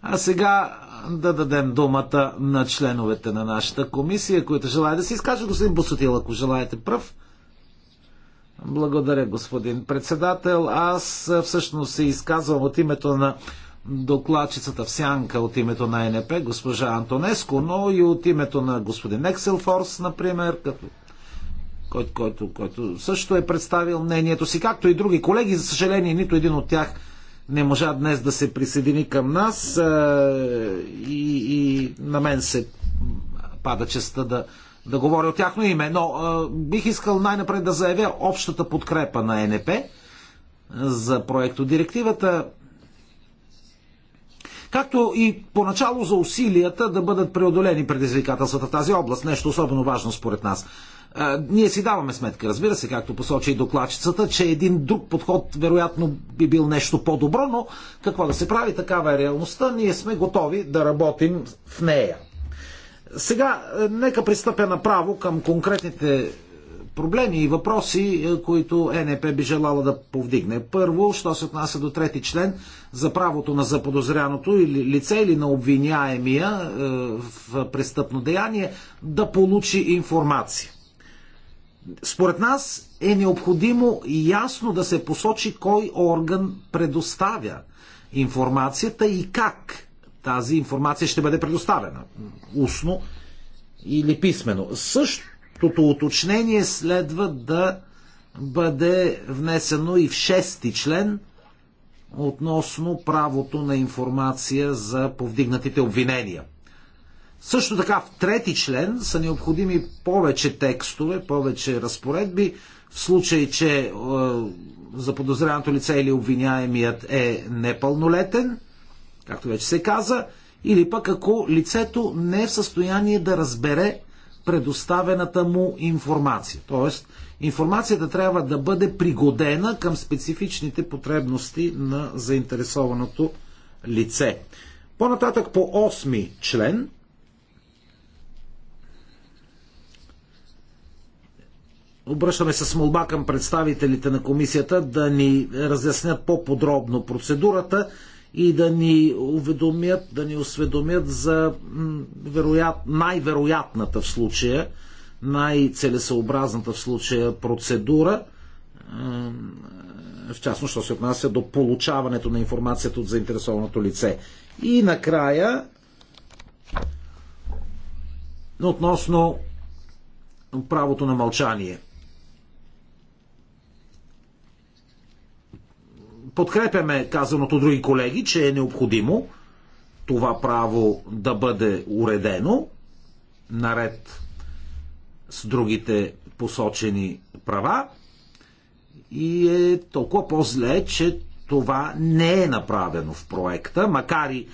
А сега да дадем думата на членовете на нашата комисия, които желаят да се изкажат. Господин Босотил, ако желаете пръв. Благодаря, господин председател. Аз всъщност се изказвам от името на докладчицата в сянка от името на НП, госпожа Антонеско, но и от името на господин Екселфорс, например, като който, който, който също е представил мнението си, както и други колеги. За съжаление, нито един от тях не можа днес да се присъедини към нас и, и на мен се пада честа да, да говоря от тяхно име. Но а, бих искал най-напред да заявя общата подкрепа на НП за проекто директивата. Както и поначало за усилията да бъдат преодолени предизвикателствата в тази област. Нещо особено важно според нас. Ние си даваме сметка, разбира се, както посочи и докладчицата, че един друг подход вероятно би бил нещо по-добро, но какво да се прави, такава е реалността, ние сме готови да работим в нея. Сега, е, нека пристъпя направо към конкретните проблеми и въпроси, е, които е НЕП би желала да повдигне. Първо, що се отнася до трети член за правото на заподозряното или лице или на обвиняемия в престъпно деяние да получи информация. Според нас е необходимо ясно да се посочи кой орган предоставя информацията и как тази информация ще бъде предоставена. Устно или писмено. Същото уточнение следва да бъде внесено и в шести член относно правото на информация за повдигнатите обвинения. Също така в трети член са необходими повече текстове, повече разпоредби, в случай, че е, заподозряното лице или обвиняемият е непълнолетен, както вече се каза, или пък ако лицето не е в състояние да разбере предоставената му информация. Тоест, информацията трябва да бъде пригодена към специфичните потребности на заинтересованото лице. По-нататък по 8 член – Обръщаме се с молба към представителите на комисията да ни разяснят по-подробно процедурата и да ни уведомят, да ни осведомят за вероят, най-вероятната в случая, най-целесъобразната в случая процедура, в частност, що се отнася до получаването на информацията от заинтересованото лице. И накрая, относно правото на мълчание – подкрепяме казаното други колеги, че е необходимо това право да бъде уредено наред с другите посочени права и е толкова по-зле, че това не е направено в проекта, макар и,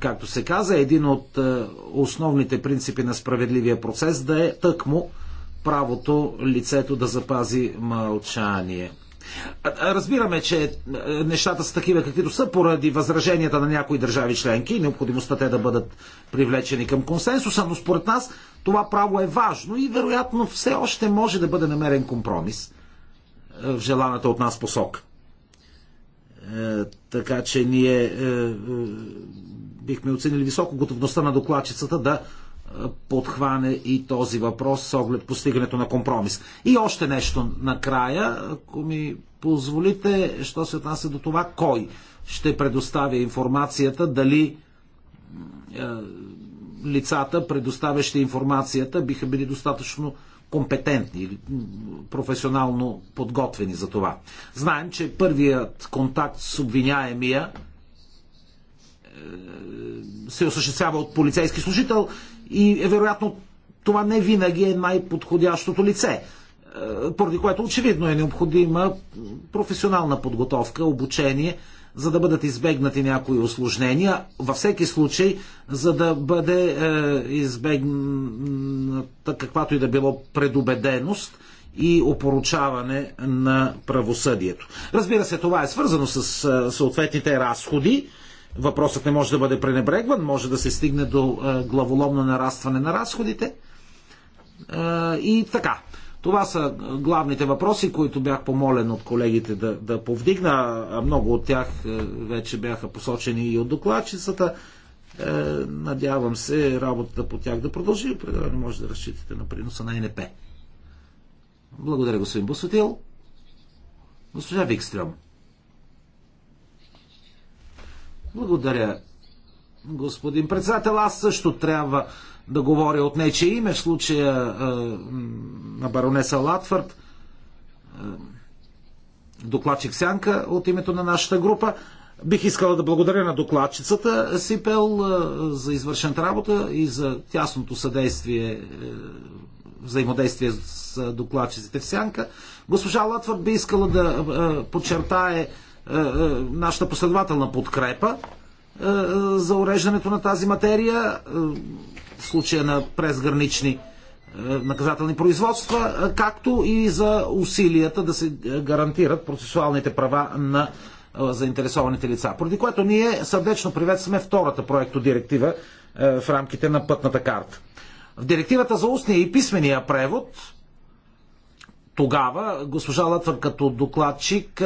както се каза, един от е, основните принципи на справедливия процес да е тъкмо правото лицето да запази мълчание. Разбираме, че е, нещата са такива каквито са поради възраженията на някои държави членки и необходимостта те да бъдат привлечени към консенсуса, но според нас това право е важно и вероятно все още може да бъде намерен компромис е, в желаната от нас посок. Е, така че ние бихме оценили високо готовността на докладчицата да подхване и този въпрос с оглед постигането на компромис. И още нещо накрая, ако ми позволите, що се отнася до това, кой ще предоставя информацията, дали е, лицата, предоставящи информацията, биха били достатъчно компетентни или професионално подготвени за това. Знаем, че първият контакт с обвиняемия е, се осъществява от полицейски служител и е, вероятно това не винаги е най-подходящото лице, е, поради което очевидно е необходима професионална подготовка, обучение, за да бъдат избегнати някои осложнения. Във всеки случай, за да бъде е, избегната каквато и да било предубеденост и опоручаване на правосъдието. Разбира се, това е свързано с е, съответните разходи, Въпросът не може да бъде пренебрегван, може да се стигне до е, главоломно нарастване на разходите. Е, и така. Това са главните въпроси, които бях помолен от колегите да, да повдигна. Много от тях е, вече бяха посочени и от докладчицата. Надявам се работата по тях да продължи. Определено може да разчитате на приноса на НП. Благодаря, господин Босотил. Госпожа Викстрем. Благодаря, господин председател. Аз също трябва да говоря от нече име, в случая е, на баронеса Латвард, е, докладчик Сянка от името на нашата група. Бих искала да благодаря на докладчицата Сипел е, за извършената работа и за тясното съдействие, е, взаимодействие с докладчиците в Сянка. Госпожа Латвард би искала да е, подчертае е, е, нашата последователна подкрепа е, за уреждането на тази материя в случая на презгранични наказателни производства, както и за усилията да се гарантират процесуалните права на заинтересованите лица. Поради което ние сърдечно приветстваме втората директива в рамките на пътната карта. В директивата за устния и писмения превод тогава госпожа Лътвър като докладчик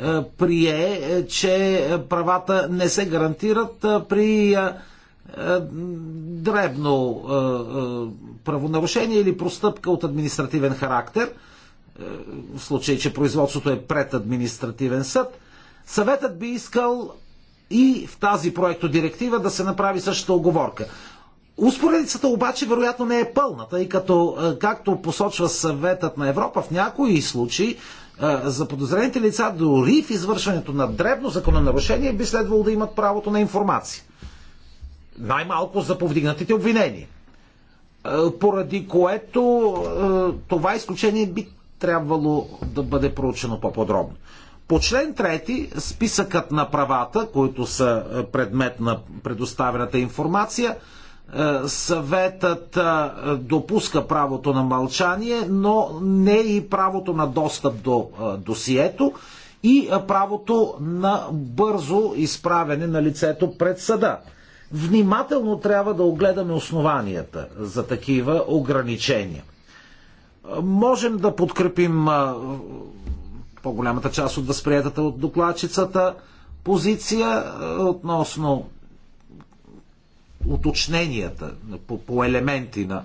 е, прие, е, че правата не се гарантират е, при дребно правонарушение или простъпка от административен характер, в случай, че производството е пред административен съд, съветът би искал и в тази проектодиректива да се направи същата оговорка. Успоредицата обаче вероятно не е пълната, и като, както посочва съветът на Европа, в някои случаи е, за подозрените лица дори в извършването на дребно закононарушение би следвало да имат правото на информация. Най-малко за повдигнатите обвинения. Е, поради което е, това изключение би трябвало да бъде проучено по-подробно. По член 3 списъкът на правата, които са предмет на предоставената информация, е, съветът е, допуска правото на мълчание, но не и правото на достъп до е, досието и правото на бързо изправене на лицето пред съда. Внимателно трябва да огледаме основанията за такива ограничения. Можем да подкрепим по-голямата част от възприятата от докладчицата позиция относно уточненията по, по елементи на,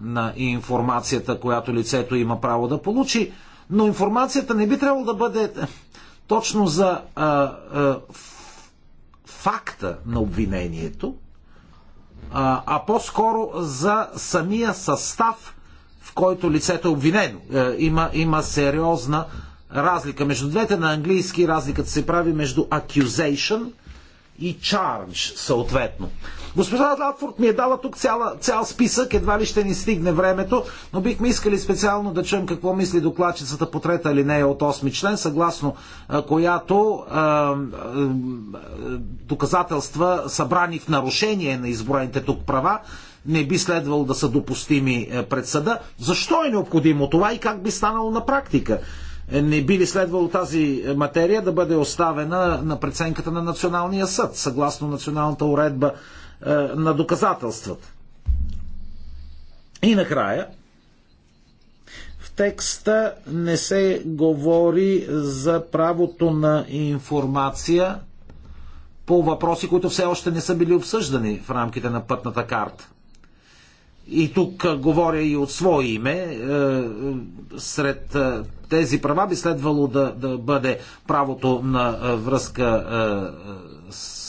на информацията, която лицето има право да получи, но информацията не би трябвало да бъде е, точно за а, е, а, е, факта на обвинението, а, а по-скоро за самия състав, в който лицето е обвинено. А, има, има сериозна разлика. Между двете на английски разликата се прави между accusation и charge, съответно. Госпожа Радфорд ми е дала тук цяла, цял списък, едва ли ще ни стигне времето, но бихме искали специално да чуем какво мисли докладчицата по трета линея от 8 член, съгласно която а, а, доказателства, събрани в нарушение на изброените тук права, не би следвало да са допустими е, пред съда. Защо е необходимо това и как би станало на практика? Е, не би ли следвало тази е, материя да бъде оставена на преценката на Националния съд, съгласно националната уредба е, на доказателствата. И накрая, в текста не се говори за правото на информация по въпроси, които все още не са били обсъждани в рамките на пътната карта. И тук е, говоря и от свое име. Е, сред тези права би следвало да, да бъде правото на връзка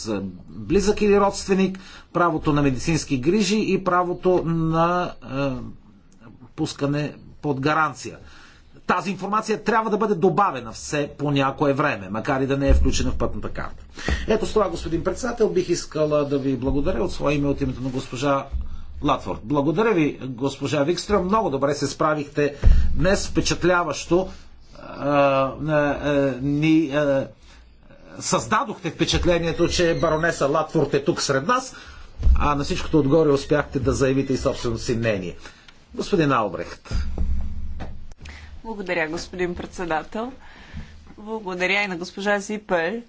е, близък или родственик, правото на медицински грижи и правото на е, пускане под гаранция. Тази информация трябва да бъде добавена все по някое време, макар и да не е включена в пътната карта. Ето с това, господин председател, бих искала да ви благодаря от своя име от името на госпожа Латфорд. Благодаря ви, госпожа Викстрем. Много добре се справихте днес впечатляващо. Е, е, е ни е, създадохте впечатлението, че баронеса Латфорд е тук сред нас, а на всичкото отгоре успяхте да заявите и собственото си мнение. Господин Албрехт. Благодаря, господин председател. Благодаря и на госпожа Зипел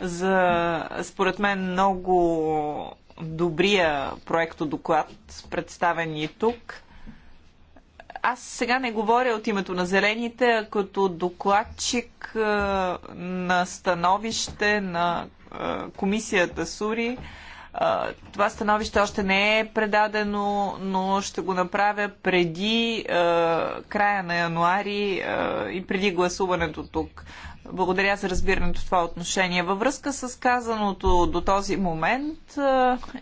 за, според мен, много добрия проекто доклад, представен и тук. Аз сега не говоря от името на зелените, а като докладчик на становище на комисията Сури. Това становище още не е предадено, но ще го направя преди края на януари и преди гласуването тук. Благодаря за разбирането в това отношение. Във връзка с казаното до този момент,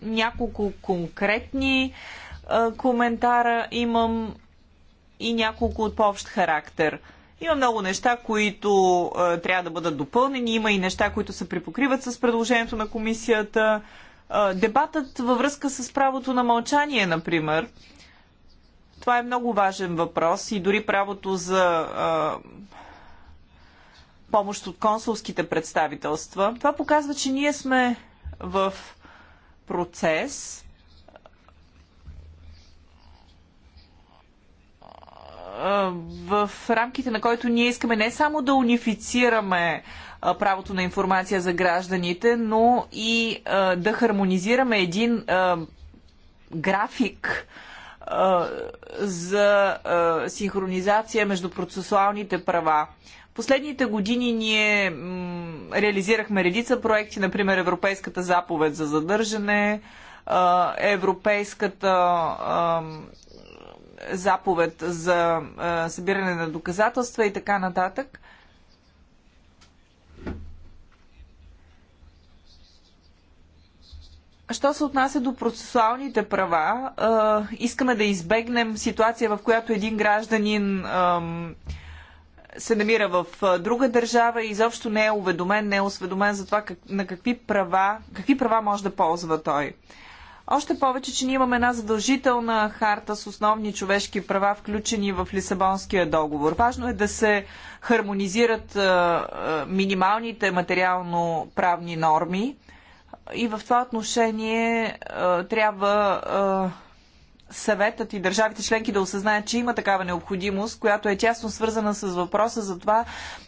няколко конкретни коментара имам и няколко от по-общ характер. Има много неща, които е, трябва да бъдат допълнени, има и неща, които се припокриват с предложението на комисията. Е, дебатът във връзка с правото на мълчание, например, това е много важен въпрос и дори правото за е, помощ от консулските представителства. Това показва, че ние сме в процес в рамките на който ние искаме не само да унифицираме правото на информация за гражданите, но и да хармонизираме един график за синхронизация между процесуалните права. Последните години ние реализирахме редица проекти, например Европейската заповед за задържане, Европейската заповед за а, събиране на доказателства и така нататък. Що се отнася до процесуалните права, а, искаме да избегнем ситуация, в която един гражданин а, се намира в друга държава и изобщо не е уведомен, не е осведомен за това как, на какви права, какви права може да ползва той. Още повече, че ние имаме една задължителна харта с основни човешки права, включени в Лисабонския договор. Важно е да се хармонизират минималните материално-правни норми и в това отношение трябва съветът и държавите членки да осъзнаят, че има такава необходимост, която е тясно свързана с въпроса за това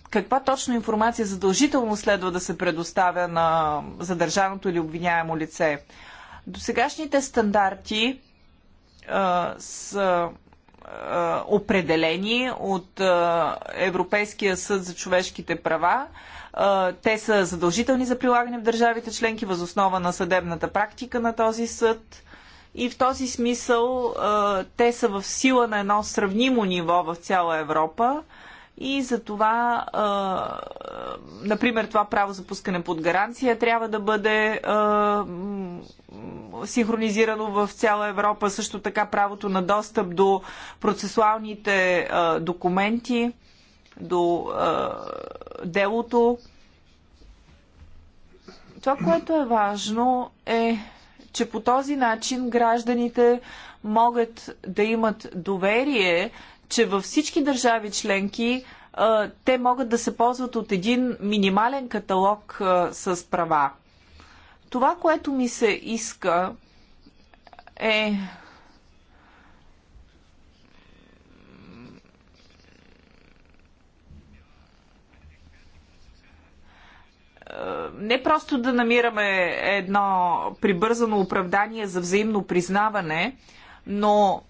каква точно информация задължително следва да се предоставя на задържаното или обвиняемо лице. Досегашните стандарти а, са а, определени от а, Европейския съд за човешките права. А, те са задължителни за прилагане в държавите членки възоснова на съдебната практика на този съд. И в този смисъл а, те са в сила на едно сравнимо ниво в цяла Европа. И за това, например, това право за пускане под гаранция трябва да бъде синхронизирано в цяла Европа. Също така правото на достъп до процесуалните документи, до делото. Това, което е важно е, че по този начин гражданите могат да имат доверие че във всички държави членки те могат да се ползват от един минимален каталог с права. Това, което ми се иска е не просто да намираме едно прибързано оправдание за взаимно признаване, но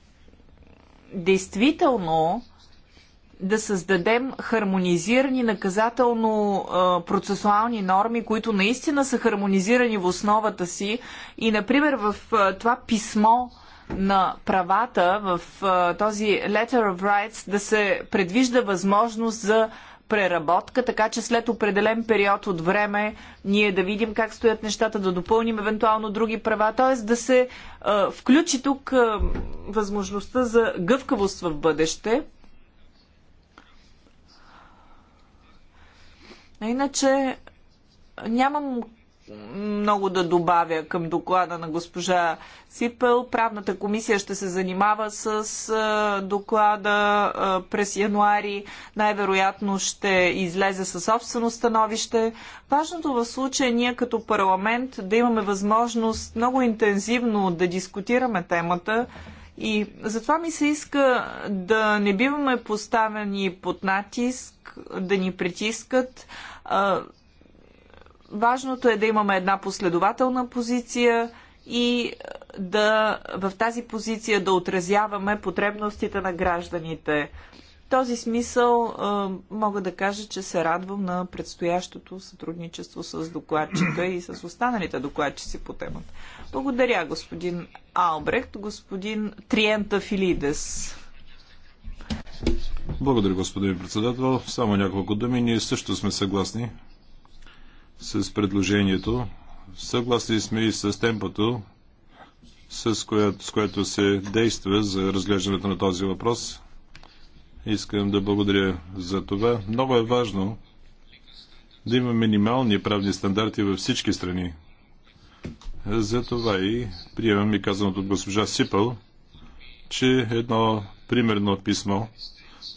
действително да създадем хармонизирани наказателно-процесуални норми, които наистина са хармонизирани в основата си. И, например, в това писмо на правата, в този Letter of Rights, да се предвижда възможност за преработка, така че след определен период от време ние да видим как стоят нещата, да допълним евентуално други права, т.е. да се а, включи тук а, възможността за гъвкавост в бъдеще. А иначе нямам много да добавя към доклада на госпожа Сипел. Правната комисия ще се занимава с доклада през януари. Най-вероятно ще излезе със собствено становище. Важното в случая е ние като парламент да имаме възможност много интензивно да дискутираме темата и затова ми се иска да не биваме поставени под натиск, да ни притискат важното е да имаме една последователна позиция и е, да в тази позиция да отразяваме потребностите на гражданите. В този смисъл е, мога да кажа, че се радвам на предстоящото сътрудничество с докладчика и с останалите докладчици по темата. Благодаря, господин Албрехт, господин Триента Филидес. Благодаря, господин председател. Само няколко думи. Ние също сме съгласни с предложението. Съгласни сме и с темпото, с което, с което се действа за разглеждането на този въпрос. Искам да благодаря за това. Много е важно да има минимални правни стандарти във всички страни. За това и приемам и казаното от госпожа Сипъл, че едно примерно писмо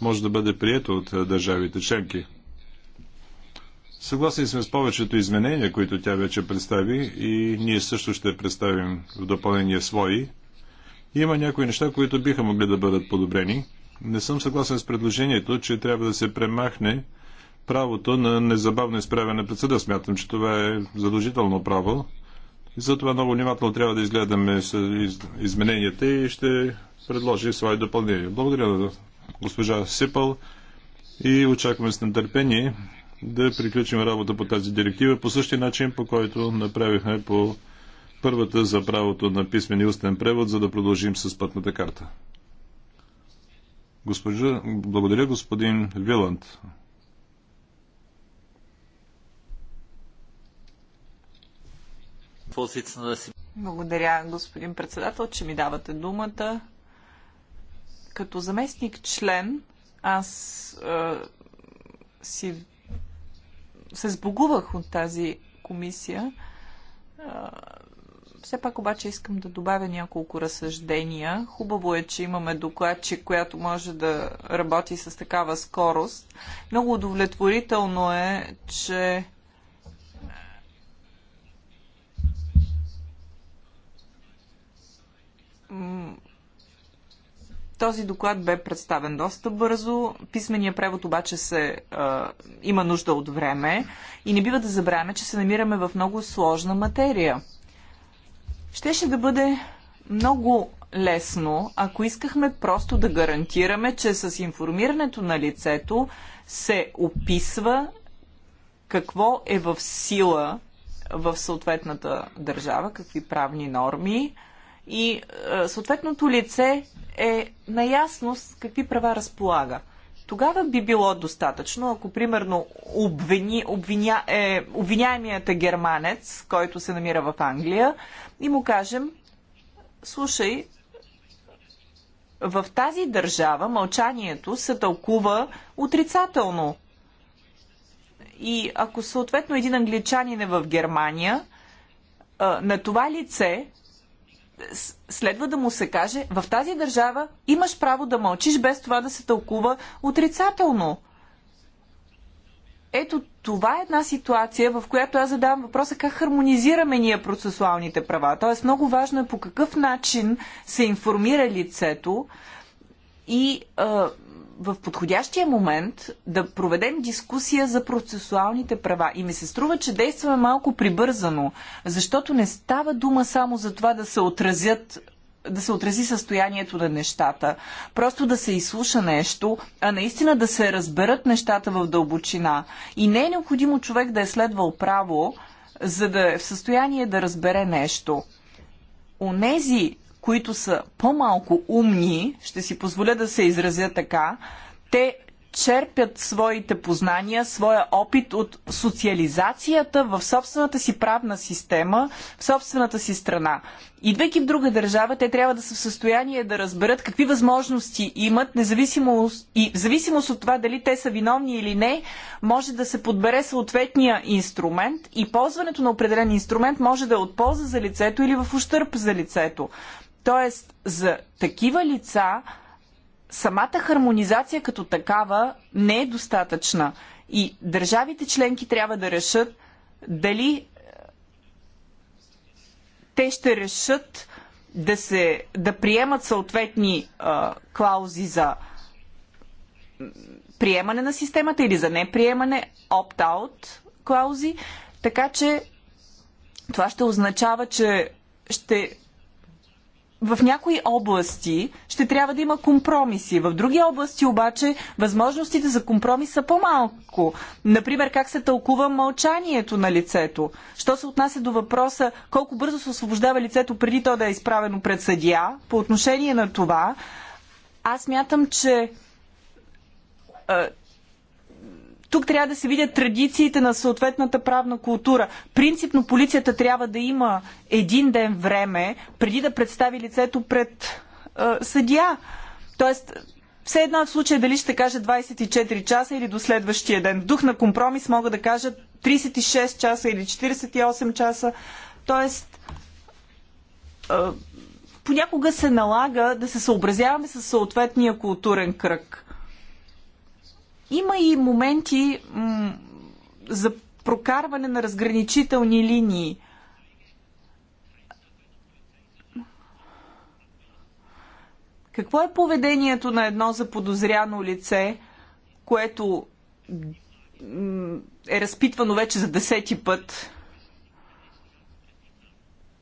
може да бъде прието от държавите членки – Съгласни сме с повечето изменения, които тя вече представи и ние също ще представим в допълнение свои. Има някои неща, които биха могли да бъдат подобрени. Не съм съгласен с предложението, че трябва да се премахне правото на незабавно изправяне пред съда. Смятам, че това е задължително право. И затова много внимателно трябва да изгледаме измененията и ще предложи свои допълнения. Благодаря на госпожа Сипъл и очакваме с нетърпение да приключим работа по тази директива по същия начин, по който направихме по първата за правото на писмен и устен превод, за да продължим с пътната карта. Госпожа, благодаря господин Виланд. Благодаря, господин председател, че ми давате думата. Като заместник член, аз е, си се сбогувах от тази комисия. Все пак обаче искам да добавя няколко разсъждения. Хубаво е, че имаме докладчик, която може да работи с такава скорост. Много удовлетворително е, че Този доклад бе представен доста бързо. Писменият превод обаче се, а, има нужда от време и не бива да забравяме, че се намираме в много сложна материя. Щеше да бъде много лесно, ако искахме просто да гарантираме, че с информирането на лицето се описва какво е в сила в съответната държава, какви правни норми, и е, съответното лице е наясно с какви права разполага. Тогава би било достатъчно, ако примерно обвини, обвиня, е, обвиняемият е германец, който се намира в Англия, и му кажем, слушай, в тази държава мълчанието се тълкува отрицателно. И ако съответно един англичанин е в Германия, е, на това лице следва да му се каже, в тази държава имаш право да мълчиш, без това да се тълкува отрицателно. Ето това е една ситуация, в която аз задавам въпроса как хармонизираме ние процесуалните права. Тоест много важно е по какъв начин се информира лицето и в подходящия момент да проведем дискусия за процесуалните права. И ми се струва, че действаме малко прибързано, защото не става дума само за това да се отразят да се отрази състоянието на нещата, просто да се изслуша нещо, а наистина да се разберат нещата в дълбочина. И не е необходимо човек да е следвал право, за да е в състояние да разбере нещо. Онези, които са по-малко умни, ще си позволя да се изразя така, те черпят своите познания, своя опит от социализацията в собствената си правна система, в собствената си страна. Идвайки в друга държава, те трябва да са в състояние да разберат какви възможности имат, независимо и в зависимост от това дали те са виновни или не, може да се подбере съответния инструмент и ползването на определен инструмент може да е от полза за лицето или в ущърп за лицето. Тоест, за такива лица самата хармонизация като такава не е достатъчна. И държавите членки трябва да решат дали е, те ще решат да, се, да приемат съответни а, е, клаузи за приемане на системата или за неприемане, opt-out клаузи. Така че това ще означава, че ще в някои области ще трябва да има компромиси. В други области обаче възможностите за компромис са по-малко. Например, как се тълкува мълчанието на лицето. Що се отнася до въпроса колко бързо се освобождава лицето преди то да е изправено пред съдия, по отношение на това, аз мятам, че е, тук трябва да се видят традициите на съответната правна култура. Принципно полицията трябва да има един ден време, преди да представи лицето пред е, съдия. Тоест, все едно е в случая дали ще кажа 24 часа или до следващия ден. В дух на компромис мога да кажа 36 часа или 48 часа. Тоест, е, понякога се налага да се съобразяваме с съответния културен кръг. Има и моменти за прокарване на разграничителни линии. Какво е поведението на едно заподозряно лице, което е разпитвано вече за десети път?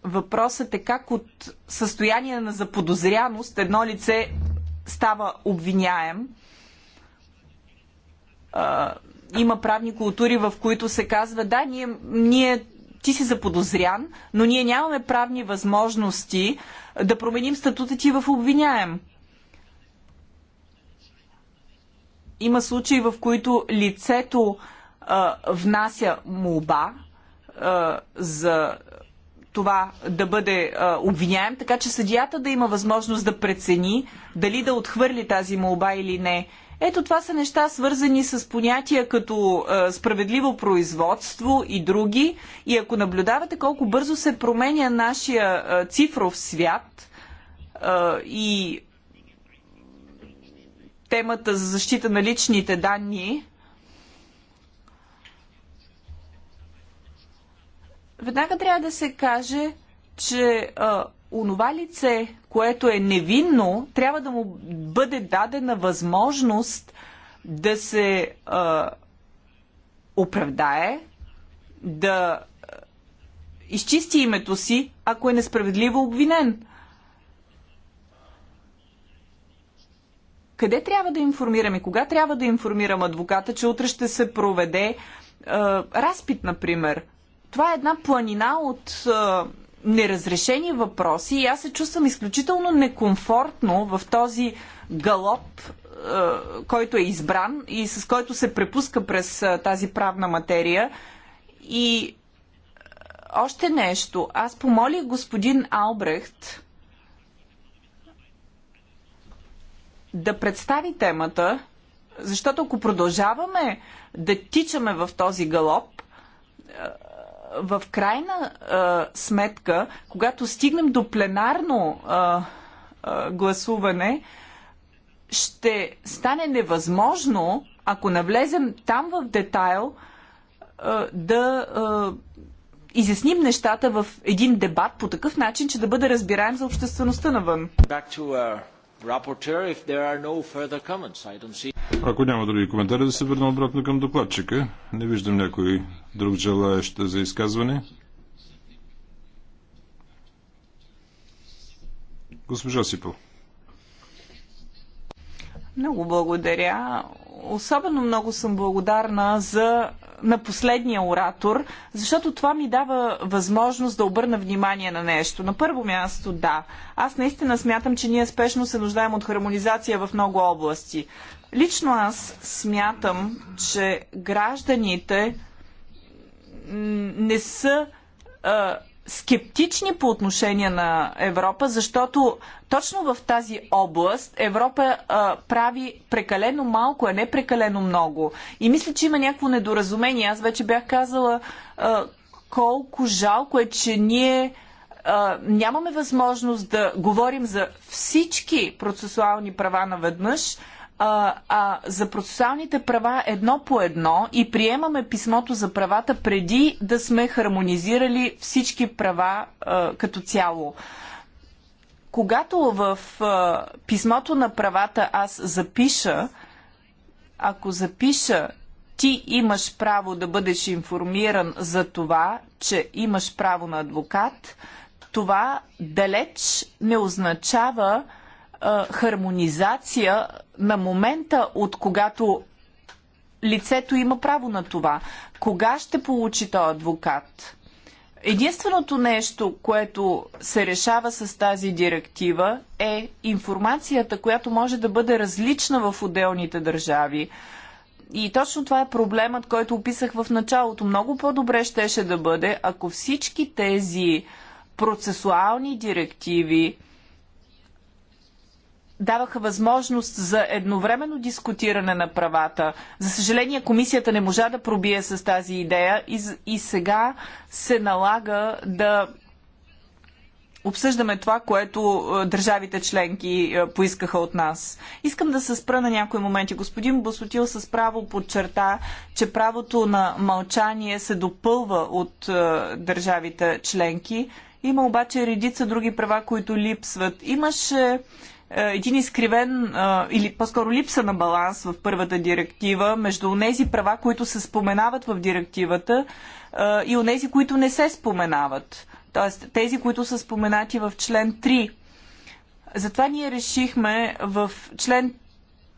Въпросът е как от състояние на заподозряност едно лице става обвиняем – а, има правни култури, в които се казва, да, ние, ние ти си заподозрян, но ние нямаме правни възможности да променим статута ти в обвиняем. Има случаи, в които лицето а, внася молба а, за това да бъде а, обвиняем, така че съдията да има възможност да прецени дали да отхвърли тази молба или не. Ето това са неща свързани с понятия като е, справедливо производство и други. И ако наблюдавате колко бързо се променя нашия е, цифров свят е, и темата за защита на личните данни, веднага трябва да се каже, че е, онова лице, което е невинно, трябва да му бъде дадена възможност да се а, оправдае, да изчисти името си, ако е несправедливо обвинен. Къде трябва да информираме? Кога трябва да информирам адвоката, че утре ще се проведе а, разпит, например? Това е една планина от А, неразрешени въпроси и аз се чувствам изключително некомфортно в този галоп, е, който е избран и с който се препуска през е, тази правна материя. И е, още нещо. Аз помолих господин Албрехт да представи темата, защото ако продължаваме да тичаме в този галоп, в крайна а, сметка, когато стигнем до пленарно а, а, гласуване, ще стане невъзможно, ако навлезем там в детайл, а, да а, изясним нещата в един дебат по такъв начин, че да бъде разбираем за обществеността навън. Uh, ако няма други коментари, да се върна обратно към докладчика. Не виждам някой друг желаящ за изказване. Госпожа Сипо. Много благодаря. Особено много съм благодарна за на последния оратор, защото това ми дава възможност да обърна внимание на нещо. На първо място, да. Аз наистина смятам, че ние спешно се нуждаем от хармонизация в много области. Лично аз смятам, че гражданите не са скептични по отношение на Европа, защото точно в тази област Европа а, прави прекалено малко, а не прекалено много. И мисля, че има някакво недоразумение. Аз вече бях казала а, колко жалко е, че ние нямаме възможност да говорим за всички процесуални права наведнъж, а, а за процесуалните права едно по едно и приемаме писмото за правата преди да сме хармонизирали всички права а, като цяло. Когато в а, писмото на правата аз запиша, ако запиша ти имаш право да бъдеш информиран за това, че имаш право на адвокат, това далеч не означава а, хармонизация на момента, от когато лицето има право на това. Кога ще получи този адвокат? Единственото нещо, което се решава с тази директива е информацията, която може да бъде различна в отделните държави. И точно това е проблемът, който описах в началото. Много по-добре щеше да бъде, ако всички тези процесуални директиви даваха възможност за едновременно дискутиране на правата. За съжаление, комисията не можа да пробие с тази идея и, и сега се налага да обсъждаме това, което е, държавите членки е, поискаха от нас. Искам да се спра на някои моменти. Господин Босотил с право подчерта, че правото на мълчание се допълва от е, държавите членки. Има обаче редица други права, които липсват. Имаше е, един изкривен е, или по-скоро липса на баланс в първата директива между онези права, които се споменават в директивата е, и онези, които не се споменават. Тоест тези, които са споменати в член 3. Затова ние решихме в член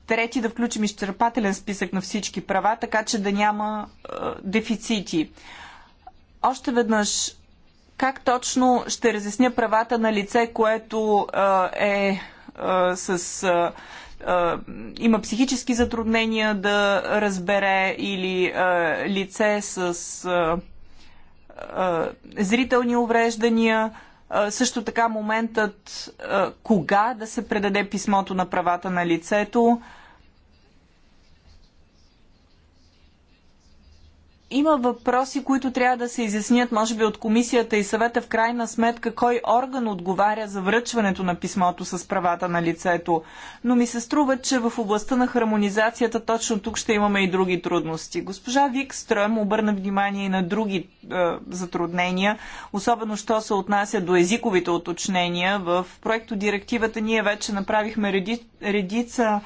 3 да включим изчерпателен списък на всички права, така че да няма дефицити. Още веднъж как точно ще разясня правата на лице, което е с има психически затруднения да разбере или а, лице с а, а, зрителни увреждания. А, също така моментът а, кога да се предаде писмото на правата на лицето. А, има въпроси, които трябва да се изяснят, може би, от комисията и съвета в крайна сметка, кой орган отговаря за връчването на писмото с правата на лицето. Но ми се струва, че в областта на хармонизацията точно тук ще имаме и други трудности. Госпожа Викстрем обърна внимание и на други е, затруднения, особено що се отнася до езиковите уточнения. В проекто директивата ние вече направихме редица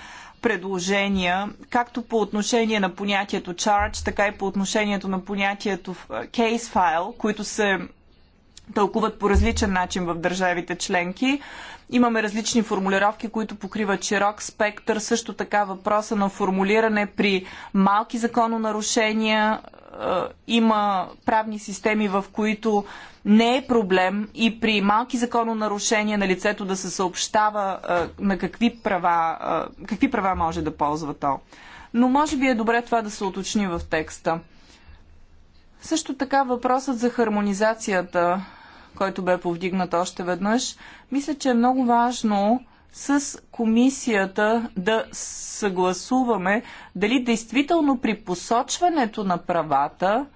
предложения, както по отношение на понятието charge, така и по отношението на понятието е, case file, които се тълкуват по различен начин в държавите членки. Имаме различни формулировки, които покриват широк спектър. Също така въпроса на формулиране при малки закононарушения е, има правни системи, в които не е проблем и при малки закононарушения на лицето да се съобщава е, на какви права, е, какви права може да ползва то. Но може би е добре това да се уточни в текста. Също така въпросът за хармонизацията, който бе повдигнат още веднъж, мисля, че е много важно с комисията да съгласуваме дали действително при посочването на правата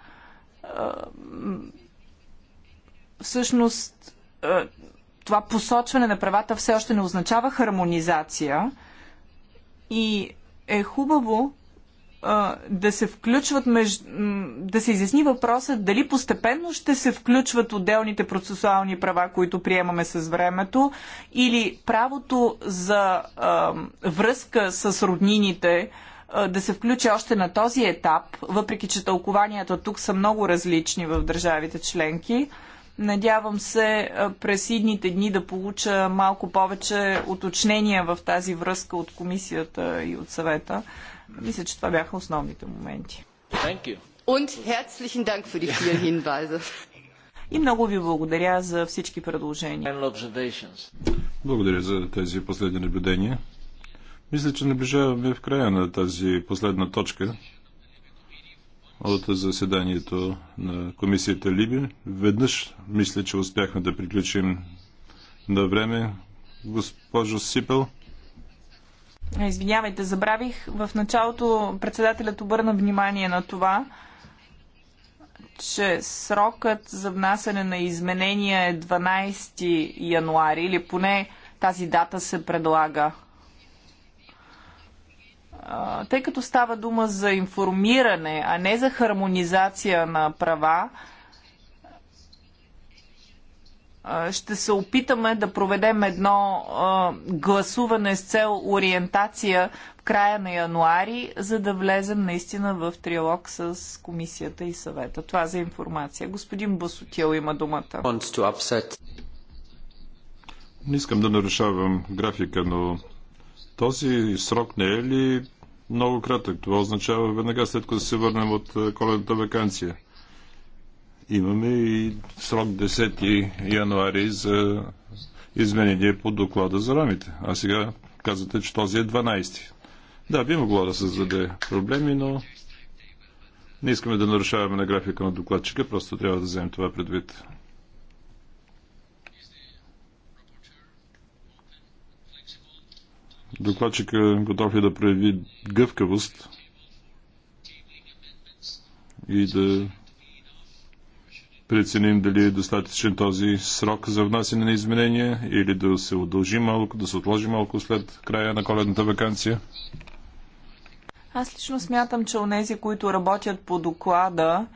всъщност това посочване на правата все още не означава хармонизация и е хубаво да се включват, меж... да се изясни въпроса дали постепенно ще се включват отделните процесуални права, които приемаме с времето, или правото за а, връзка с роднините а, да се включи още на този етап, въпреки че тълкованията тук са много различни в държавите членки. Надявам се през идните дни да получа малко повече уточнения в тази връзка от комисията и от съвета мисля, че това бяха основните моменти. Und herzlichen Dank für die vielen Hinweise. (laughs) И много ви благодаря за всички предложения. Благодаря за тези последни наблюдения. Мисля, че наближаваме в края на тази последна точка от заседанието на комисията Либи. Веднъж мисля, че успяхме да приключим на време. Госпожо Сипел, Извинявайте, забравих. В началото председателят обърна внимание на това, че срокът за внасяне на изменения е 12 януари или поне тази дата се предлага. Тъй като става дума за информиране, а не за хармонизация на права, ще се опитаме да проведем едно гласуване с цел ориентация в края на януари, за да влезем наистина в триалог с комисията и съвета. Това за информация. Господин Басотил има думата. Не искам да нарушавам графика, но този срок не е ли много кратък? Това означава веднага след като се върнем от коледната вакансия. Имаме и срок 10 януари за изменение по доклада за рамите. А сега казвате, че този е 12. Да, би могло да създаде проблеми, но не искаме да нарушаваме на графика на докладчика, просто трябва да вземем това предвид. Докладчика е готов е да прояви гъвкавост и да преценим дали е достатъчен този срок за внасяне на изменения или да се удължи малко, да се отложи малко след края на коледната вакансия? Аз лично смятам, че онези, които работят по доклада,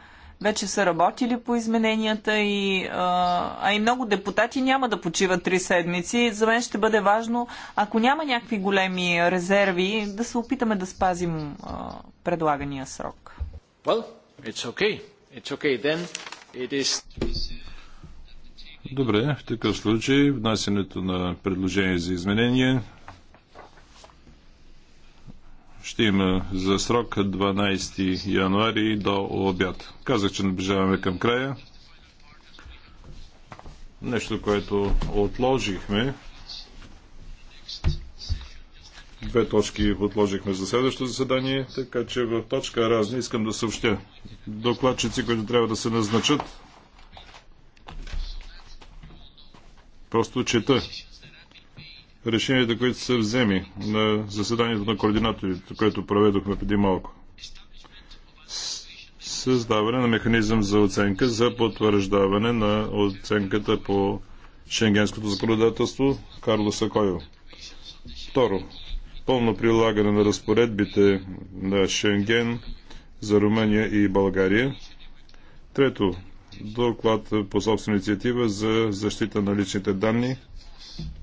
вече са работили по измененията и, а, а и много депутати няма да почиват три седмици. За мен ще бъде важно, ако няма някакви големи резерви, да се опитаме да спазим а, предлагания срок. Well, it's okay. It's okay then. Добре, в такъв случай внасянето на предложение за изменение ще има за срок 12 януари до обяд. Казах, че наближаваме към края. Нещо, което отложихме Две точки отложихме за следващото заседание, така че в точка разни искам да съобщя докладчици, които трябва да се назначат. Просто чета решенията, които са вземи на заседанието на координаторите, което проведохме преди малко. Създаване на механизъм за оценка за потвърждаване на оценката по шенгенското законодателство Карло Сакойо. Второ, пълно прилагане на разпоредбите на Шенген за Румъния и България. Трето, доклад по собствена инициатива за защита на личните данни.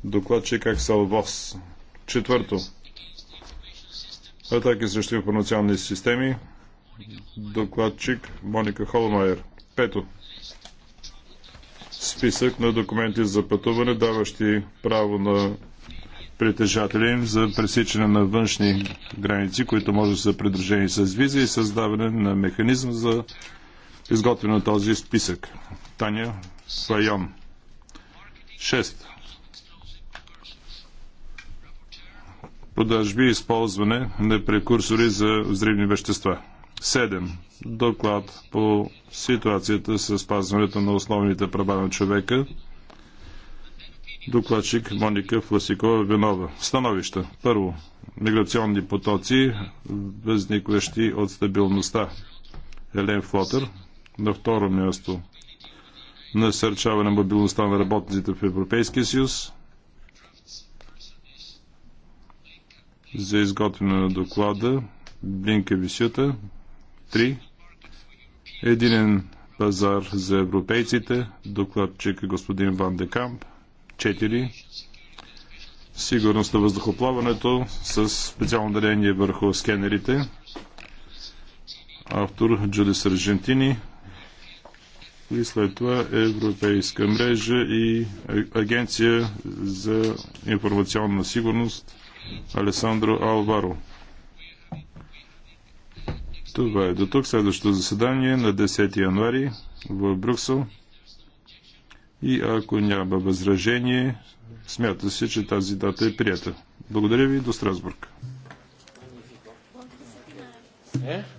Докладчик е са Вос. Четвърто, атаки срещу информационни системи. Докладчик Моника Холмайер. Пето, списък на документи за пътуване, даващи право на притежатели за пресичане на външни граници, които може да са придружени с виза и създаване на механизъм за изготвяне на този списък. Таня Файон. 6. Продажби и използване на прекурсори за взривни вещества. 7. Доклад по ситуацията с спазването на основните права на човека Докладчик Моника Фласикова венова Становища. Първо, миграционни потоци, възникващи от стабилността. Елен Флотър. На второ място, насърчаване мобилността на работниците в Европейския съюз. За изготвяне на доклада Блинка Висюта. Три Единен пазар за европейците. Докладчик е господин Ван Декамп. 4 сигурност на въздухоплаването с специално дарение върху скенерите. Автор Джудис Аржентини и след това Европейска мрежа и Агенция за информационна сигурност Алесандро Алваро. Това е до тук. Следващото заседание на 10 януари в Брюксел. И ако няма възражение, смята се, че тази дата е прията. Благодаря ви до Страсбург. Е?